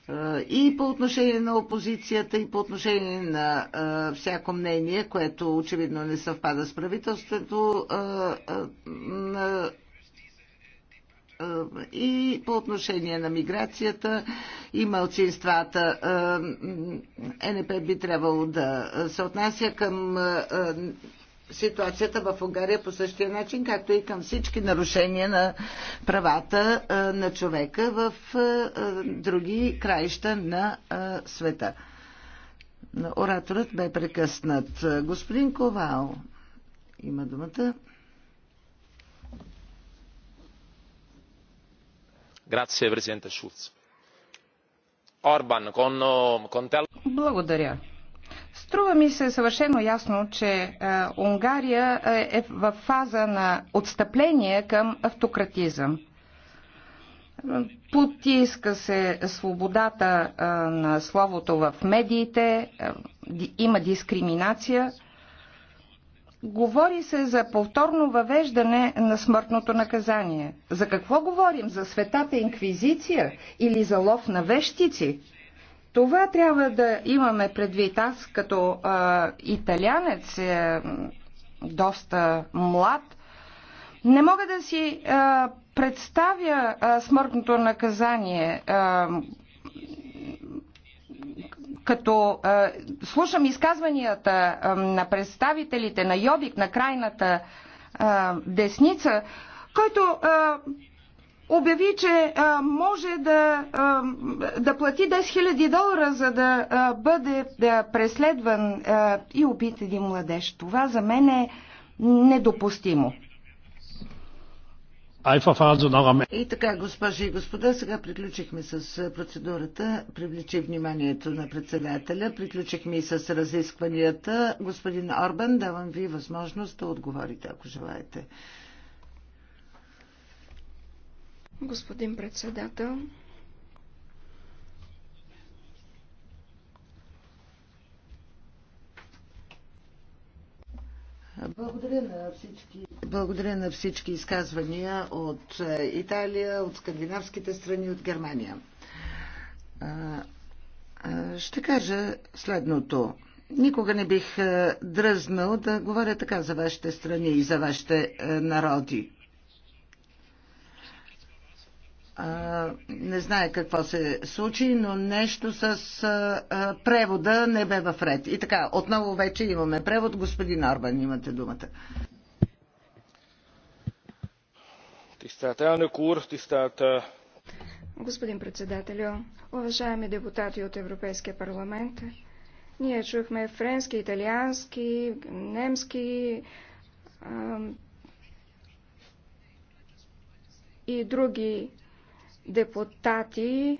е, и по отношение на опозицията, и по отношение на а, всяко мнение, което очевидно не съвпада с правителството. А, а, е, и по отношение на миграцията и мълцинствата. Е, НП би трябвало да се отнася към е, ситуацията в Унгария по същия начин, както и към всички нарушения на правата на човека в други краища на света. Ораторът бе прекъснат. Господин Ковал има думата. Благодаря. Струва ми се съвършено ясно, че е, Унгария е, е в фаза на отстъпление към автократизъм. Потиска се свободата е, на словото в медиите, има дискриминация. Говори се за повторно въвеждане на смъртното наказание. За какво говорим? За светата инквизиция или за лов на вещици? Това трябва да имаме предвид. Аз като а, италянец, е, доста млад, не мога да си а, представя а, смъртното наказание. А, като е, слушам изказванията е, на представителите на Йобик, на крайната е, десница, който е, обяви, че е, може да, е, да плати 10 000 долара, за да е, бъде да е, преследван е, и убит един младеж. Това за мен е недопустимо. И така, госпожи и господа, сега приключихме с процедурата. Привлечи вниманието на председателя. Приключихме и с разискванията. Господин Орбан, давам ви възможност да отговорите, ако желаете. Господин председател, Благодаря на всички. Благодаря на всички изказвания от е, Италия, от скандинавските страни, от Германия. Ще кажа следното. Никога не бих е, дръзнал да говоря така за вашите страни и за вашите е, народи. Не знае какво се случи, но нещо с превода не бе в ред. И така, отново вече имаме превод. Господин Орбан, имате думата. Господин председателю, уважаеми депутати от Европейския парламент, ние чухме френски, италиански, немски и други депутати,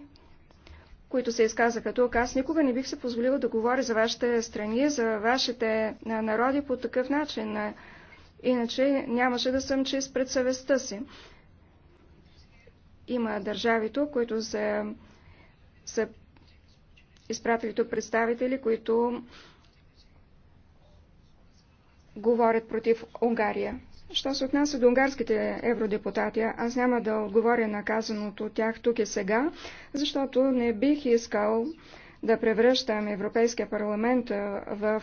които се изказаха тук. Аз никога не бих се позволила да говоря за вашите страни, за вашите народи по такъв начин. Иначе нямаше да съм чист пред съвестта си. Има държавито, които са, са изпратили представители, които говорят против Унгария. Що се отнася до унгарските евродепутати, аз няма да отговоря на казаното от тях тук и сега, защото не бих искал да превръщам Европейския парламент в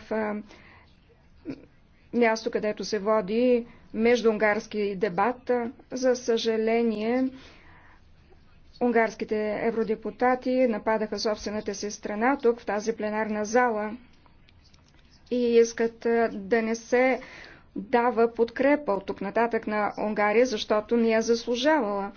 място, където се води междуунгарски дебат. За съжаление, унгарските евродепутати нападаха собствената си страна тук в тази пленарна зала и искат да не се дава подкрепа от тук нататък на Унгария, защото не я заслужавала.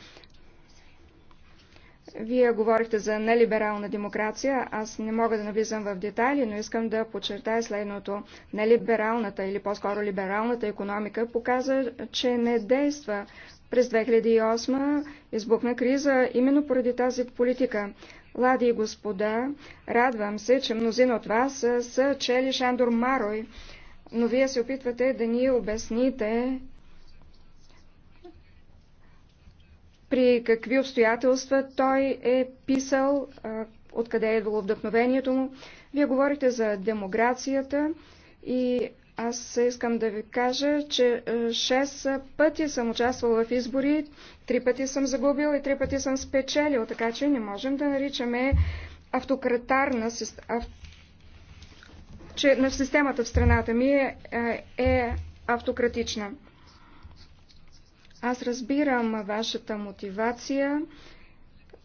Вие говорихте за нелиберална демокрация. Аз не мога да навлизам в детайли, но искам да подчертая следното. Нелибералната или по-скоро либералната економика показа, че не действа. През 2008 избухна криза именно поради тази политика. Лади и господа, радвам се, че мнозина от вас са, чели Шандор Марой, но вие се опитвате да ни обясните при какви обстоятелства той е писал, откъде е вдъхновението му. Вие говорите за демокрацията и аз искам да ви кажа, че 6 е, пъти съм участвал в избори, три пъти съм загубил и три пъти съм спечелил, така че не можем да наричаме автократарна че на системата в страната ми е, е, е автократична. Аз разбирам вашата мотивация,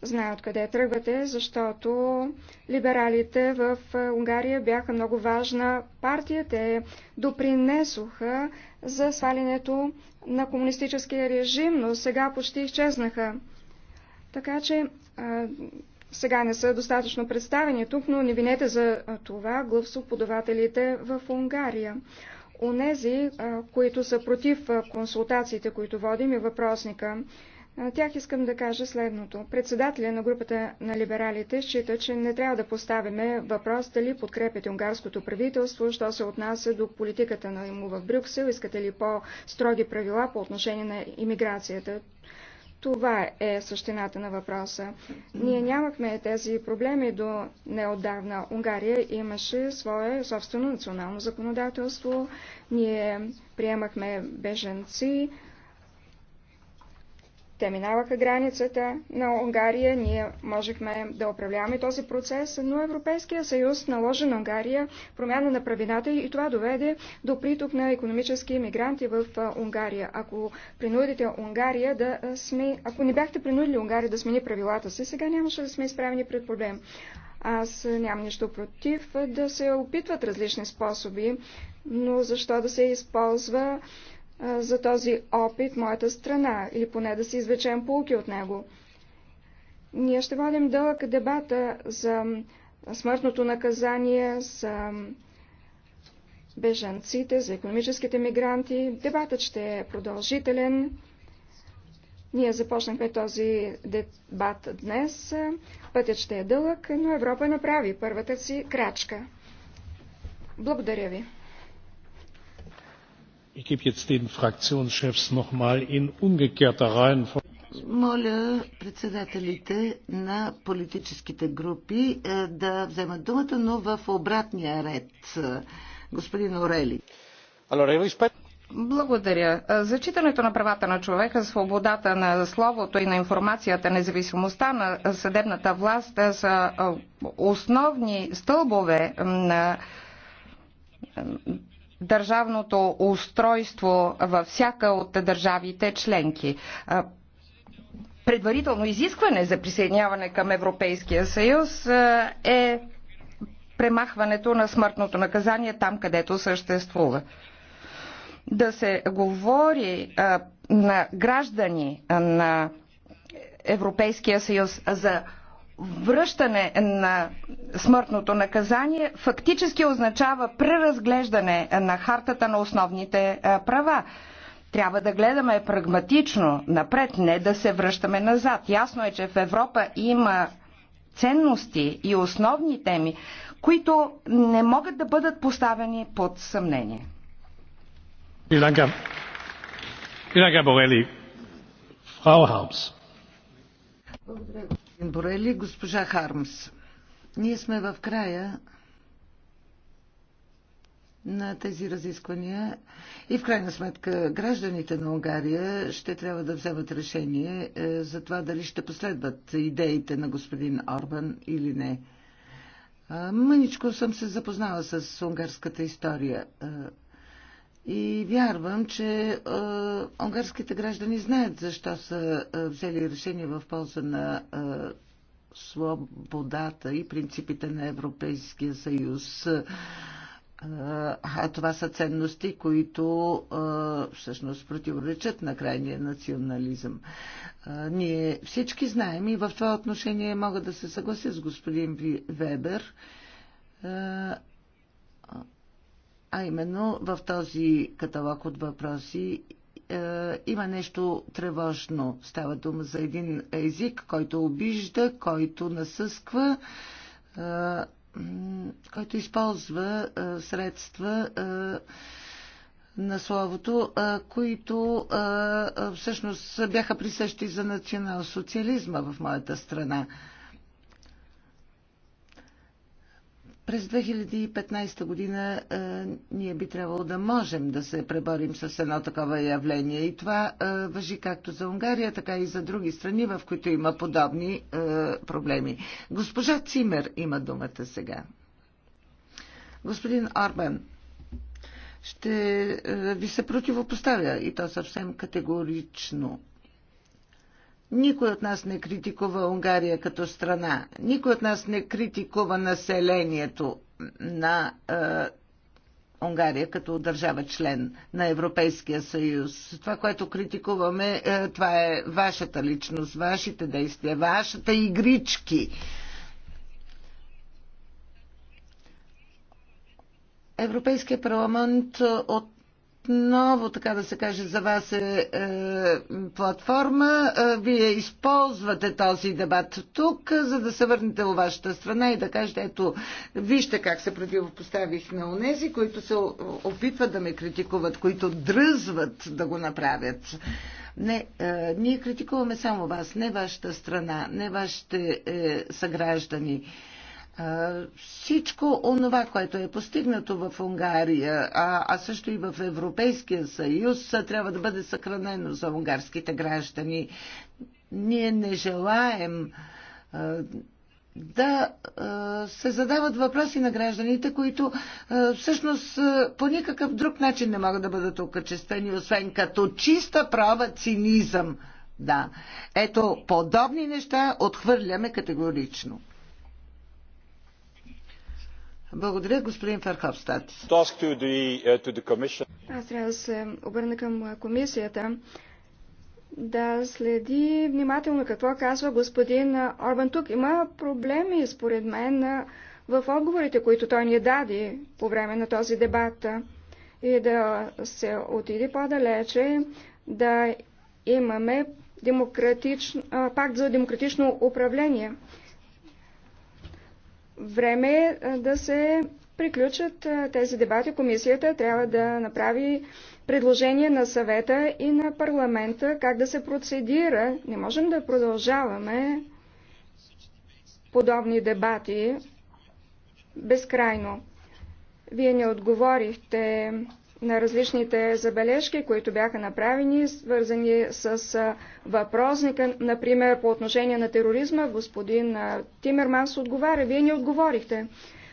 Знае откъде тръгвате, защото либералите в е, Унгария бяха много важна партия. Те допринесоха за свалянето на комунистическия режим, но сега почти изчезнаха. Така че а, сега не са достатъчно представени тук, но не винете за това гласоподавателите в Унгария. Онези, които са против консултациите, които водим и въпросника, на тях искам да кажа следното. Председателя на групата на либералите счита, че не трябва да поставяме въпрос дали подкрепяте унгарското правителство, що се отнася до политиката на му в Брюксел, искате ли по-строги правила по отношение на иммиграцията. Това е същината на въпроса. Ние нямахме тези проблеми до неотдавна. Унгария имаше свое собствено национално законодателство. Ние приемахме беженци, те минаваха границата на Унгария, ние можехме да управляваме този процес, но Европейския съюз наложи на Унгария промяна на правината и това доведе до приток на економически иммигранти в Унгария. Ако принудите Унгария да сме, ако не бяхте принудили Унгария да смени правилата си, сега нямаше да сме изправени пред проблем. Аз нямам нищо против да се опитват различни способи, но защо да се използва за този опит моята страна, или поне да си извлечем полки от него. Ние ще водим дълъг дебата за смъртното наказание, за бежанците, за економическите мигранти. Дебатът ще е продължителен. Ние започнахме този дебат днес. Пътят ще е дълъг, но Европа направи първата си крачка. Благодаря ви. Ich gebe jetzt den Fraktionschefs in umgekehrter Reihenfolge. Моля председателите на политическите групи е, да вземат думата, но в обратния ред. Е, господин Орели. Благодаря. Е, зачитането на правата на човека, свободата на словото и на информацията, независимостта на съдебната власт са основни стълбове на държавното устройство във всяка от държавите членки. Предварително изискване за присъединяване към Европейския съюз е премахването на смъртното наказание там, където съществува. Да се говори на граждани на Европейския съюз за връщане на смъртното наказание фактически означава преразглеждане на хартата на основните права. Трябва да гледаме прагматично напред, не да се връщаме назад. Ясно е, че в Европа има ценности и основни теми, които не могат да бъдат поставени под съмнение. Благодаря. Благодаря, Борели. Фрау Благодаря. Борели, госпожа Хармс. Ние сме в края на тези разисквания и в крайна сметка гражданите на Унгария ще трябва да вземат решение е, за това дали ще последват идеите на господин Орбан или не. Мъничко съм се запознала с унгарската история и вярвам, че е, унгарските граждани знаят защо са е, взели решение в полза на е, свободата и принципите на Европейския съюз. а това са ценности, които всъщност противоречат на крайния национализъм. Ние всички знаем и в това отношение мога да се съглася с господин Вебер. А именно в този каталог от въпроси е, има нещо тревожно. Става дума за един език, който обижда, който насъсква, е, който използва е, средства на словото, които всъщност бяха присъщи за национал-социализма в моята страна. През 2015 година а, е, ние би трябвало да можем да се преборим с едно такова явление. И това а, е, въжи както за Унгария, така и за други страни, в които има подобни а, е, проблеми. Госпожа Цимер има думата сега. Господин Орбан, ще а, ви се противопоставя и то съвсем категорично. Никой от нас не критикува Унгария като страна. Никой от нас не критикува населението на е, Унгария като държава член на Европейския съюз. Това, което критикуваме, е, това е вашата личност, вашите действия, вашата игрички. Европейския парламент от отново, така да се каже, за вас е, е платформа. Е, вие използвате този дебат тук, за да се върнете във вашата страна и да кажете, ето, вижте как се противопоставих на онези, които се опитват да ме критикуват, които дръзват да го направят. Не, е, ние критикуваме само вас, не вашата страна, не вашите е, съграждани всичко онова, което е постигнато в Унгария, а, а също и в Европейския съюз, трябва да бъде съхранено за унгарските граждани. Ние не желаем да се задават въпроси на гражданите, които всъщност по никакъв друг начин не могат да бъдат окачествени, освен като чиста права цинизъм. Да. Ето, подобни неща отхвърляме категорично. Благодаря, господин Ферховстат. Uh, Аз трябва да се обърна към комисията да следи внимателно какво казва господин Орбан. Тук има проблеми, според мен, в отговорите, които той ни даде по време на този дебат. И да се отиде по-далече, да имаме демократично, пакт за демократично управление. Време е да се приключат е, тези дебати. Комисията трябва да направи предложение на съвета и на парламента как да се процедира. Не можем да продължаваме подобни дебати безкрайно. Вие не отговорихте на различните забележки, които бяха направени, свързани с въпросника, например, по отношение на тероризма. Господин Тимерманс отговаря, вие не отговорихте.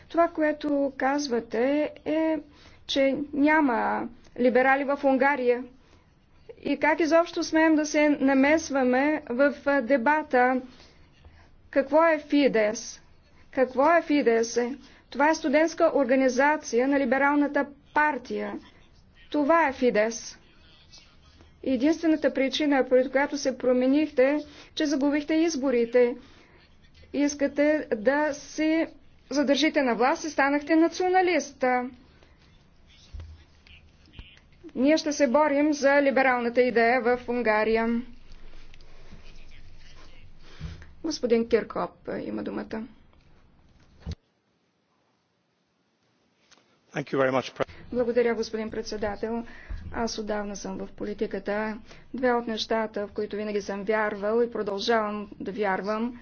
Това, което казвате е, че няма либерали в Унгария. И как изобщо смеем да се намесваме в дебата какво е Фидес? Какво е Фидес? Това е студентска организация на либералната партия. Това е Фидес. Единствената причина, поради която се променихте, че загубихте изборите. Искате да се задържите на власт и станахте националист. Ние ще се борим за либералната идея в Унгария. Господин Киркоп има думата. Благодаря, господин председател. Аз отдавна съм в политиката. Две от нещата, в които винаги съм вярвал и продължавам да вярвам,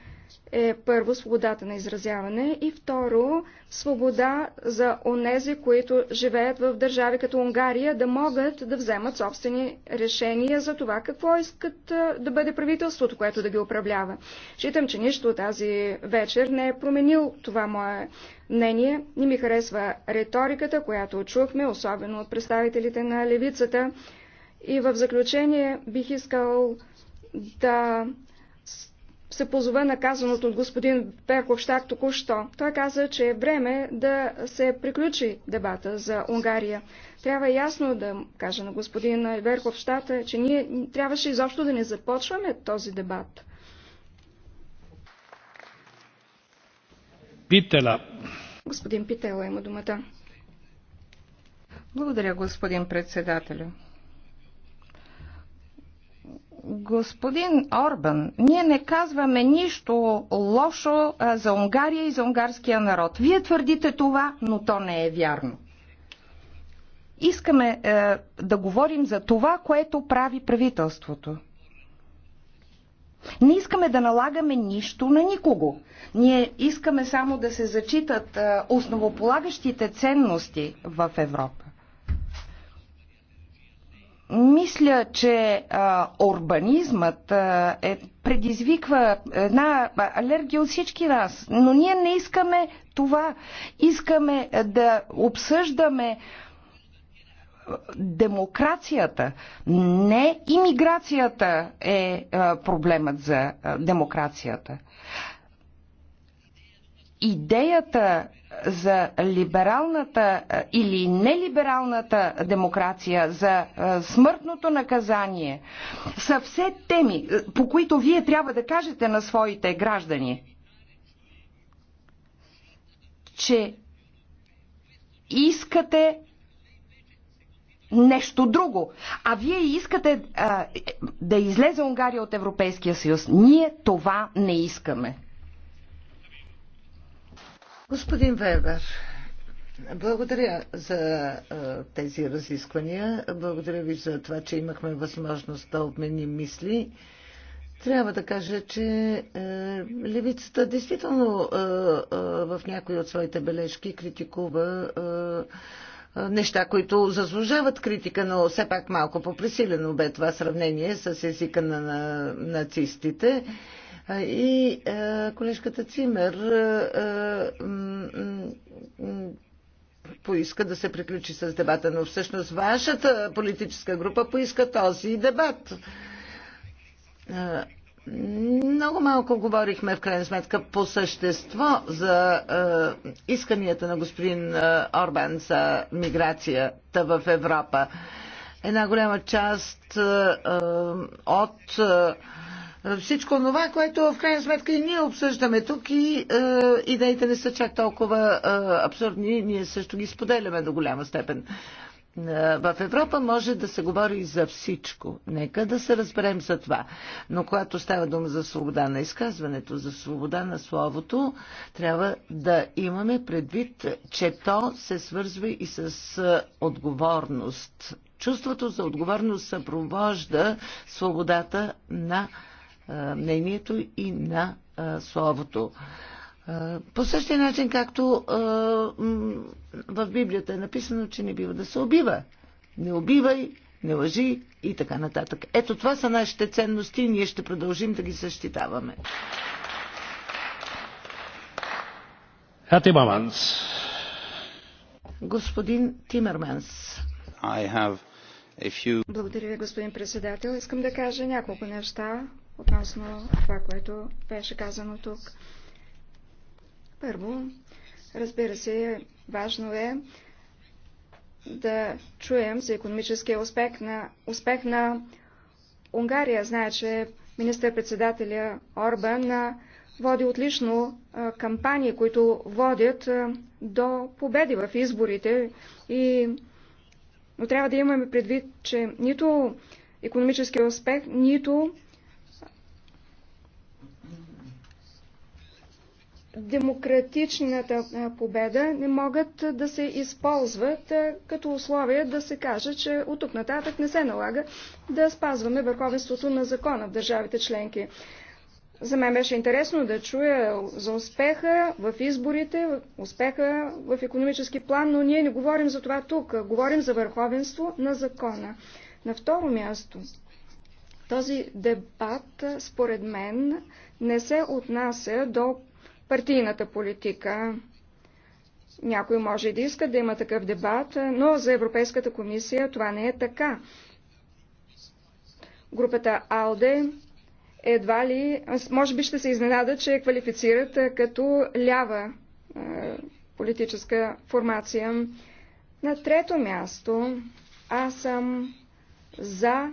е първо свободата на изразяване и второ свобода за онези, които живеят в държави като Унгария, да могат да вземат собствени решения за това какво искат да бъде правителството, което да ги управлява. Считам, че нищо тази вечер не е променил това мое мнение. Не ми харесва риториката, която чухме, особено от представителите на левицата. И в заключение бих искал да се позова на казаното от господин Штак току-що. Той каза, че е време да се приключи дебата за Унгария. Трябва ясно да кажа на господин Штата, че ние трябваше изобщо да не започваме този дебат. Питела. Господин Питела има думата. Благодаря, господин председателю. Господин Орбан, ние не казваме нищо лошо за Унгария и за унгарския народ. Вие твърдите това, но то не е вярно. Искаме е, да говорим за това, което прави правителството. Не искаме да налагаме нищо на никого. Ние искаме само да се зачитат е, основополагащите ценности в Европа. Мисля, че а, урбанизмът а, е, предизвиква една алергия от всички нас, но ние не искаме това. Искаме да обсъждаме демокрацията, не имиграцията е проблемът за демокрацията. Идеята за либералната или нелибералната демокрация, за смъртното наказание, са все теми, по които вие трябва да кажете на своите граждани, че искате нещо друго. А вие искате а, е, да излезе Унгария от Европейския съюз. Ние това не искаме. Господин Вебер, благодаря за тези разисквания. Благодаря ви за това, че имахме възможност да обменим мисли. Трябва да кажа, че е, левицата действително е, е, в някои от своите бележки критикува е, е, неща, които заслужават критика, но все пак малко попресилено бе това сравнение с езика на, на нацистите. Е, и колежката Цимер поиска да се приключи с дебата, но всъщност вашата политическа група поиска този дебат. Много малко говорихме в крайна сметка по същество за исканията на господин Орбан за миграцията в Европа. Една голяма част от всичко това, което в крайна сметка и ние обсъждаме тук и е, идеите не са чак толкова е, абсурдни, ние също ги споделяме до голяма степен. Е, в Европа може да се говори за всичко. Нека да се разберем за това. Но когато става дума за свобода на изказването, за свобода на словото, трябва да имаме предвид, че то се свързва и с е, отговорност. Чувството за отговорност съпровожда свободата на мнението и на словото. По същия начин, както в Библията е написано, че не бива да се убива. Не убивай, не лъжи и така нататък. Ето това са нашите ценности и ние ще продължим да ги защитаваме. Господин Тимерманс. Few... Благодаря ви, господин председател. Искам да кажа няколко неща относно това, което беше казано тук. Първо, разбира се, важно е да чуем за економическия успех на, успех на Унгария. Знае, че министър-председателя Орбан води отлично кампании, които водят до победи в изборите. И... Но трябва да имаме предвид, че нито економическия успех, нито демократичната победа не могат да се използват като условие да се каже, че от тук нататък не се налага да спазваме върховенството на закона в държавите членки. За мен беше интересно да чуя за успеха в изборите, успеха в економически план, но ние не говорим за това тук. Говорим за върховенство на закона. На второ място, този дебат, според мен, не се отнася до партийната политика. Някой може да иска да има такъв дебат, но за Европейската комисия това не е така. Групата АЛДЕ едва ли, може би ще се изненада, че квалифицират като лява политическа формация. На трето място аз съм за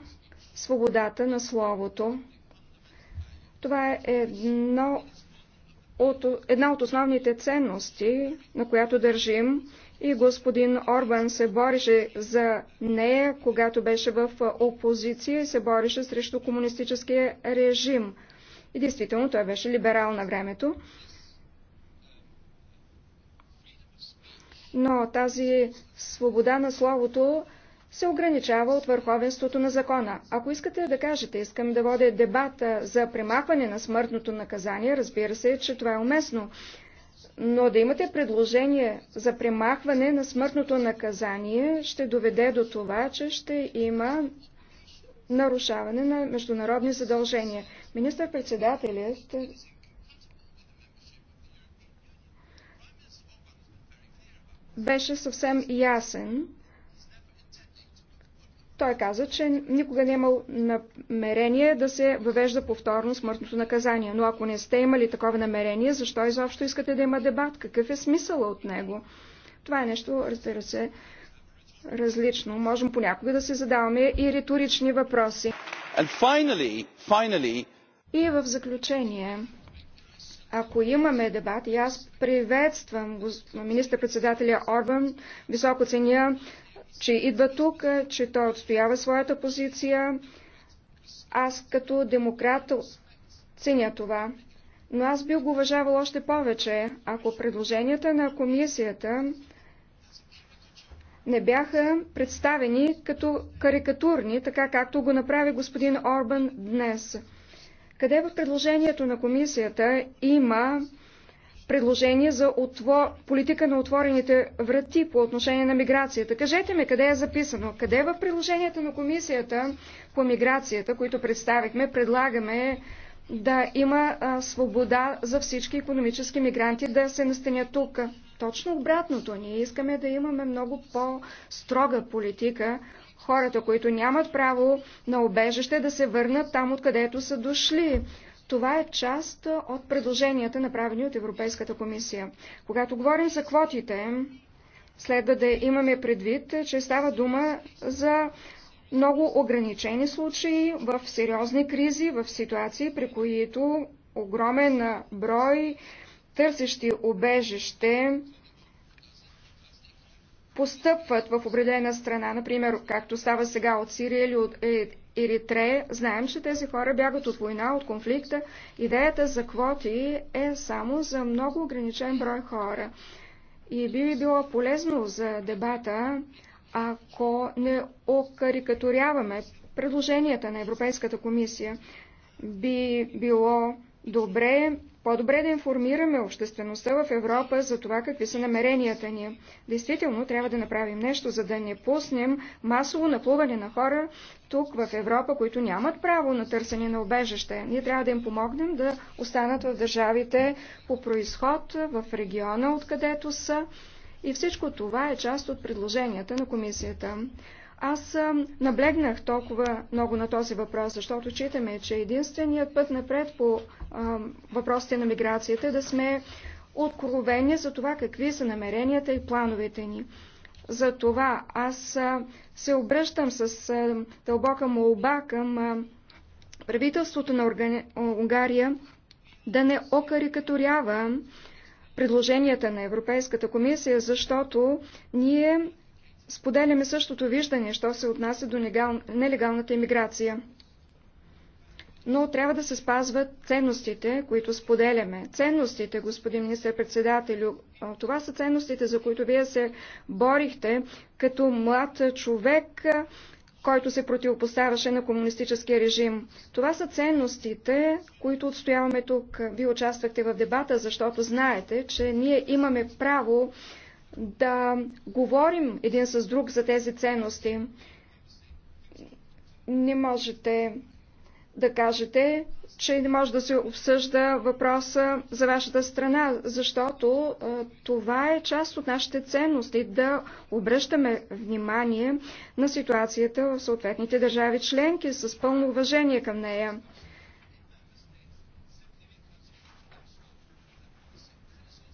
свободата на словото. Това е едно от една от основните ценности, на която държим, и господин Орбан се бореше за нея, когато беше в опозиция и се бореше срещу комунистическия режим. И действително той беше либерал на времето. Но тази свобода на словото се ограничава от върховенството на закона. Ако искате да кажете, искам да водя дебата за премахване на смъртното наказание, разбира се, че това е уместно. Но да имате предложение за премахване на смъртното наказание ще доведе до това, че ще има нарушаване на международни задължения. Министър-председателят беше съвсем ясен той каза, че никога не е имал намерение да се въвежда повторно смъртното наказание. Но ако не сте имали такова намерение, защо изобщо искате да има дебат? Какъв е смисъл от него? Това е нещо, разбира се, различно. Можем понякога да се задаваме и риторични въпроси. Finally, finally... И в заключение, ако имаме дебат, и аз приветствам министър-председателя Орбан, високо ценя че идва тук, е, че той отстоява своята позиция. Аз като демократ ценя това. Но аз би го уважавал още повече, ако предложенията на комисията не бяха представени като карикатурни, така както го направи господин Орбан днес. Къде в предложението на комисията има предложение за отвор... политика на отворените врати по отношение на миграцията. Кажете ми къде е записано, къде в предложенията на комисията по миграцията, които представихме, предлагаме да има а, свобода за всички економически мигранти да се настанят тук. Точно обратното. Ние искаме да имаме много по-строга политика. Хората, които нямат право на обежище, да се върнат там, откъдето са дошли. Това е част от предложенията, направени от Европейската комисия. Когато говорим за квотите, следва да имаме предвид, че става дума за много ограничени случаи, в сериозни кризи, в ситуации, при които огромен брой търсещи обежище постъпват в определена страна, например, както става сега от Сирия или от е- Еритрея. Знаем, че тези хора бягат от война, от конфликта. Идеята за квоти е само за много ограничен брой хора. И би би било полезно за дебата, ако не окарикатуряваме предложенията на Европейската комисия. Би било добре по-добре да информираме обществеността в Европа за това какви са намеренията ни. Действително трябва да направим нещо, за да не пуснем масово наплуване на хора тук в Европа, които нямат право на търсене на обежище. Ние трябва да им помогнем да останат в държавите по происход, в региона, откъдето са. И всичко това е част от предложенията на комисията. Аз наблегнах толкова много на този въпрос, защото читаме, че единственият път напред по въпросите на миграцията, да сме откровени за това какви са намеренията и плановете ни. За това аз се обръщам с дълбока молба към правителството на Унгария да не окарикатурява предложенията на Европейската комисия, защото ние споделяме същото виждане, що се отнася до нелегалната иммиграция но трябва да се спазват ценностите, които споделяме. Ценностите, господин министър-председателю, това са ценностите, за които вие се борихте като млад човек, който се противопоставяше на комунистическия режим. Това са ценностите, които отстояваме тук. Вие участвахте в дебата, защото знаете, че ние имаме право да говорим един с друг за тези ценности. Не можете да кажете, че не може да се обсъжда въпроса за вашата страна, защото това е част от нашите ценности да обръщаме внимание на ситуацията в съответните държави членки с пълно уважение към нея.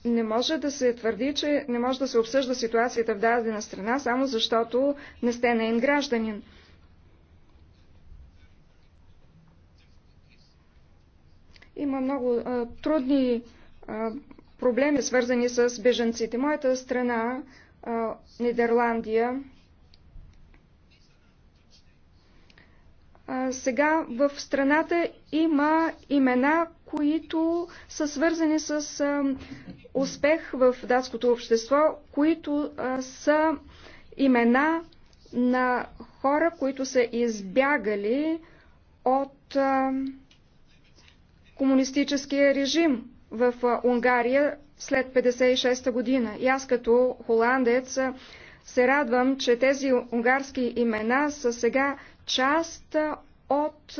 не може да се твърди, че не може да се обсъжда ситуацията в дадена страна, само защото не сте неин гражданин. Има много а, трудни а, проблеми, свързани с беженците. Моята страна, а, Нидерландия, а, сега в страната има имена, които са свързани с а, успех в датското общество, които а, са имена на хора, които са избягали от а, комунистическия режим в Унгария след 56 година. И аз като холандец се радвам, че тези унгарски имена са сега част от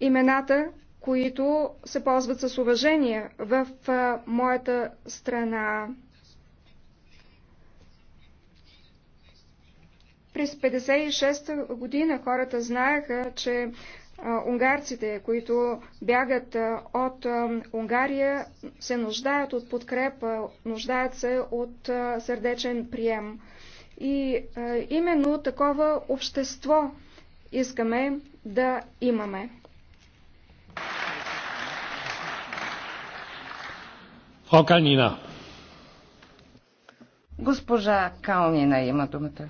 имената, които се ползват с уважение в моята страна. През 56-та година хората знаеха, че унгарците, които бягат от Унгария, се нуждаят от подкрепа, нуждаят се от сърдечен прием. И именно такова общество искаме да имаме. Госпожа Калнина има думата.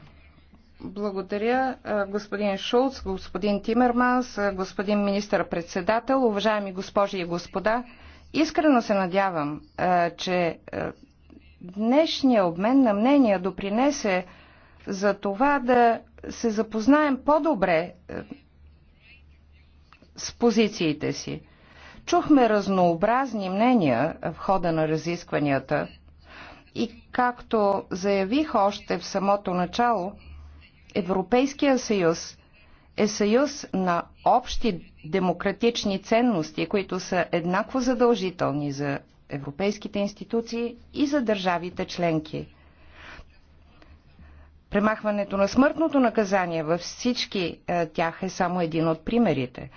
Благодаря, господин Шулц, господин Тимерманс, господин министър-председател, уважаеми госпожи и господа. Искрено се надявам, че днешния обмен на мнения допринесе за това да се запознаем по-добре с позициите си. Чухме разнообразни мнения в хода на разискванията и както заявих още в самото начало – Европейския съюз е съюз на общи демократични ценности, които са еднакво задължителни за европейските институции и за държавите членки. Премахването на смъртното наказание във всички е, тях е само един от примерите.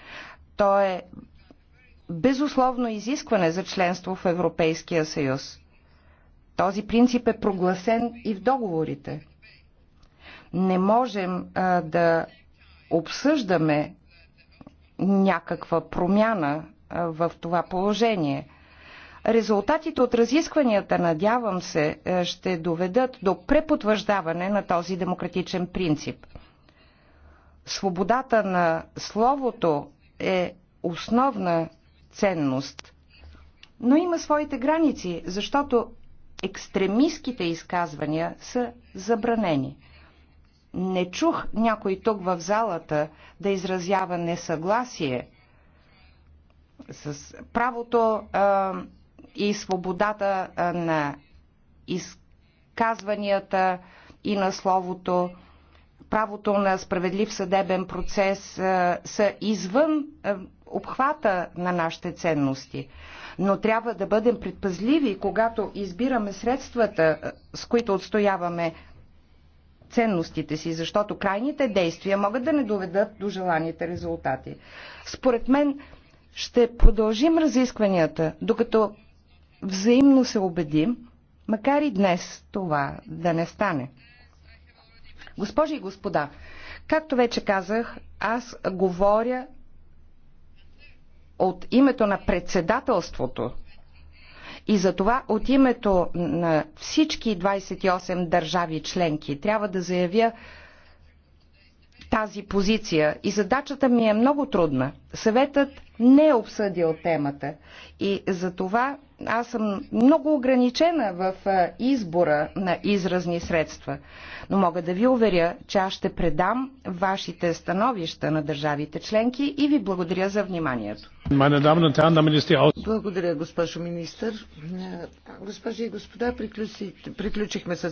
То е безусловно изискване за членство в Европейския съюз. Този принцип е прогласен и в договорите. Не можем а, да обсъждаме някаква промяна а, в това положение. Резултатите от разискванията, надявам се, ще доведат до препотвърждаване на този демократичен принцип. Свободата на словото е основна ценност, но има своите граници, защото екстремистските изказвания са забранени. Не чух някой тук в залата да изразява несъгласие с правото а, и свободата а, на изказванията и на словото, правото на справедлив съдебен процес а, са извън а, обхвата на нашите ценности. Но трябва да бъдем предпазливи, когато избираме средствата, с които отстояваме ценностите си, защото крайните действия могат да не доведат до желаните резултати. Според мен ще продължим разискванията, докато взаимно се убедим, макар и днес това да не стане. Госпожи и господа, както вече казах, аз говоря от името на председателството и за това от името на всички 28 държави членки трябва да заявя тази позиция и задачата ми е много трудна. Съветът не е обсъдил темата и за това аз съм много ограничена в избора на изразни средства но мога да ви уверя, че аз ще предам вашите становища на държавите членки и ви благодаря за вниманието. Благодаря, госпожо министър. Госпожи и господа, приключихме с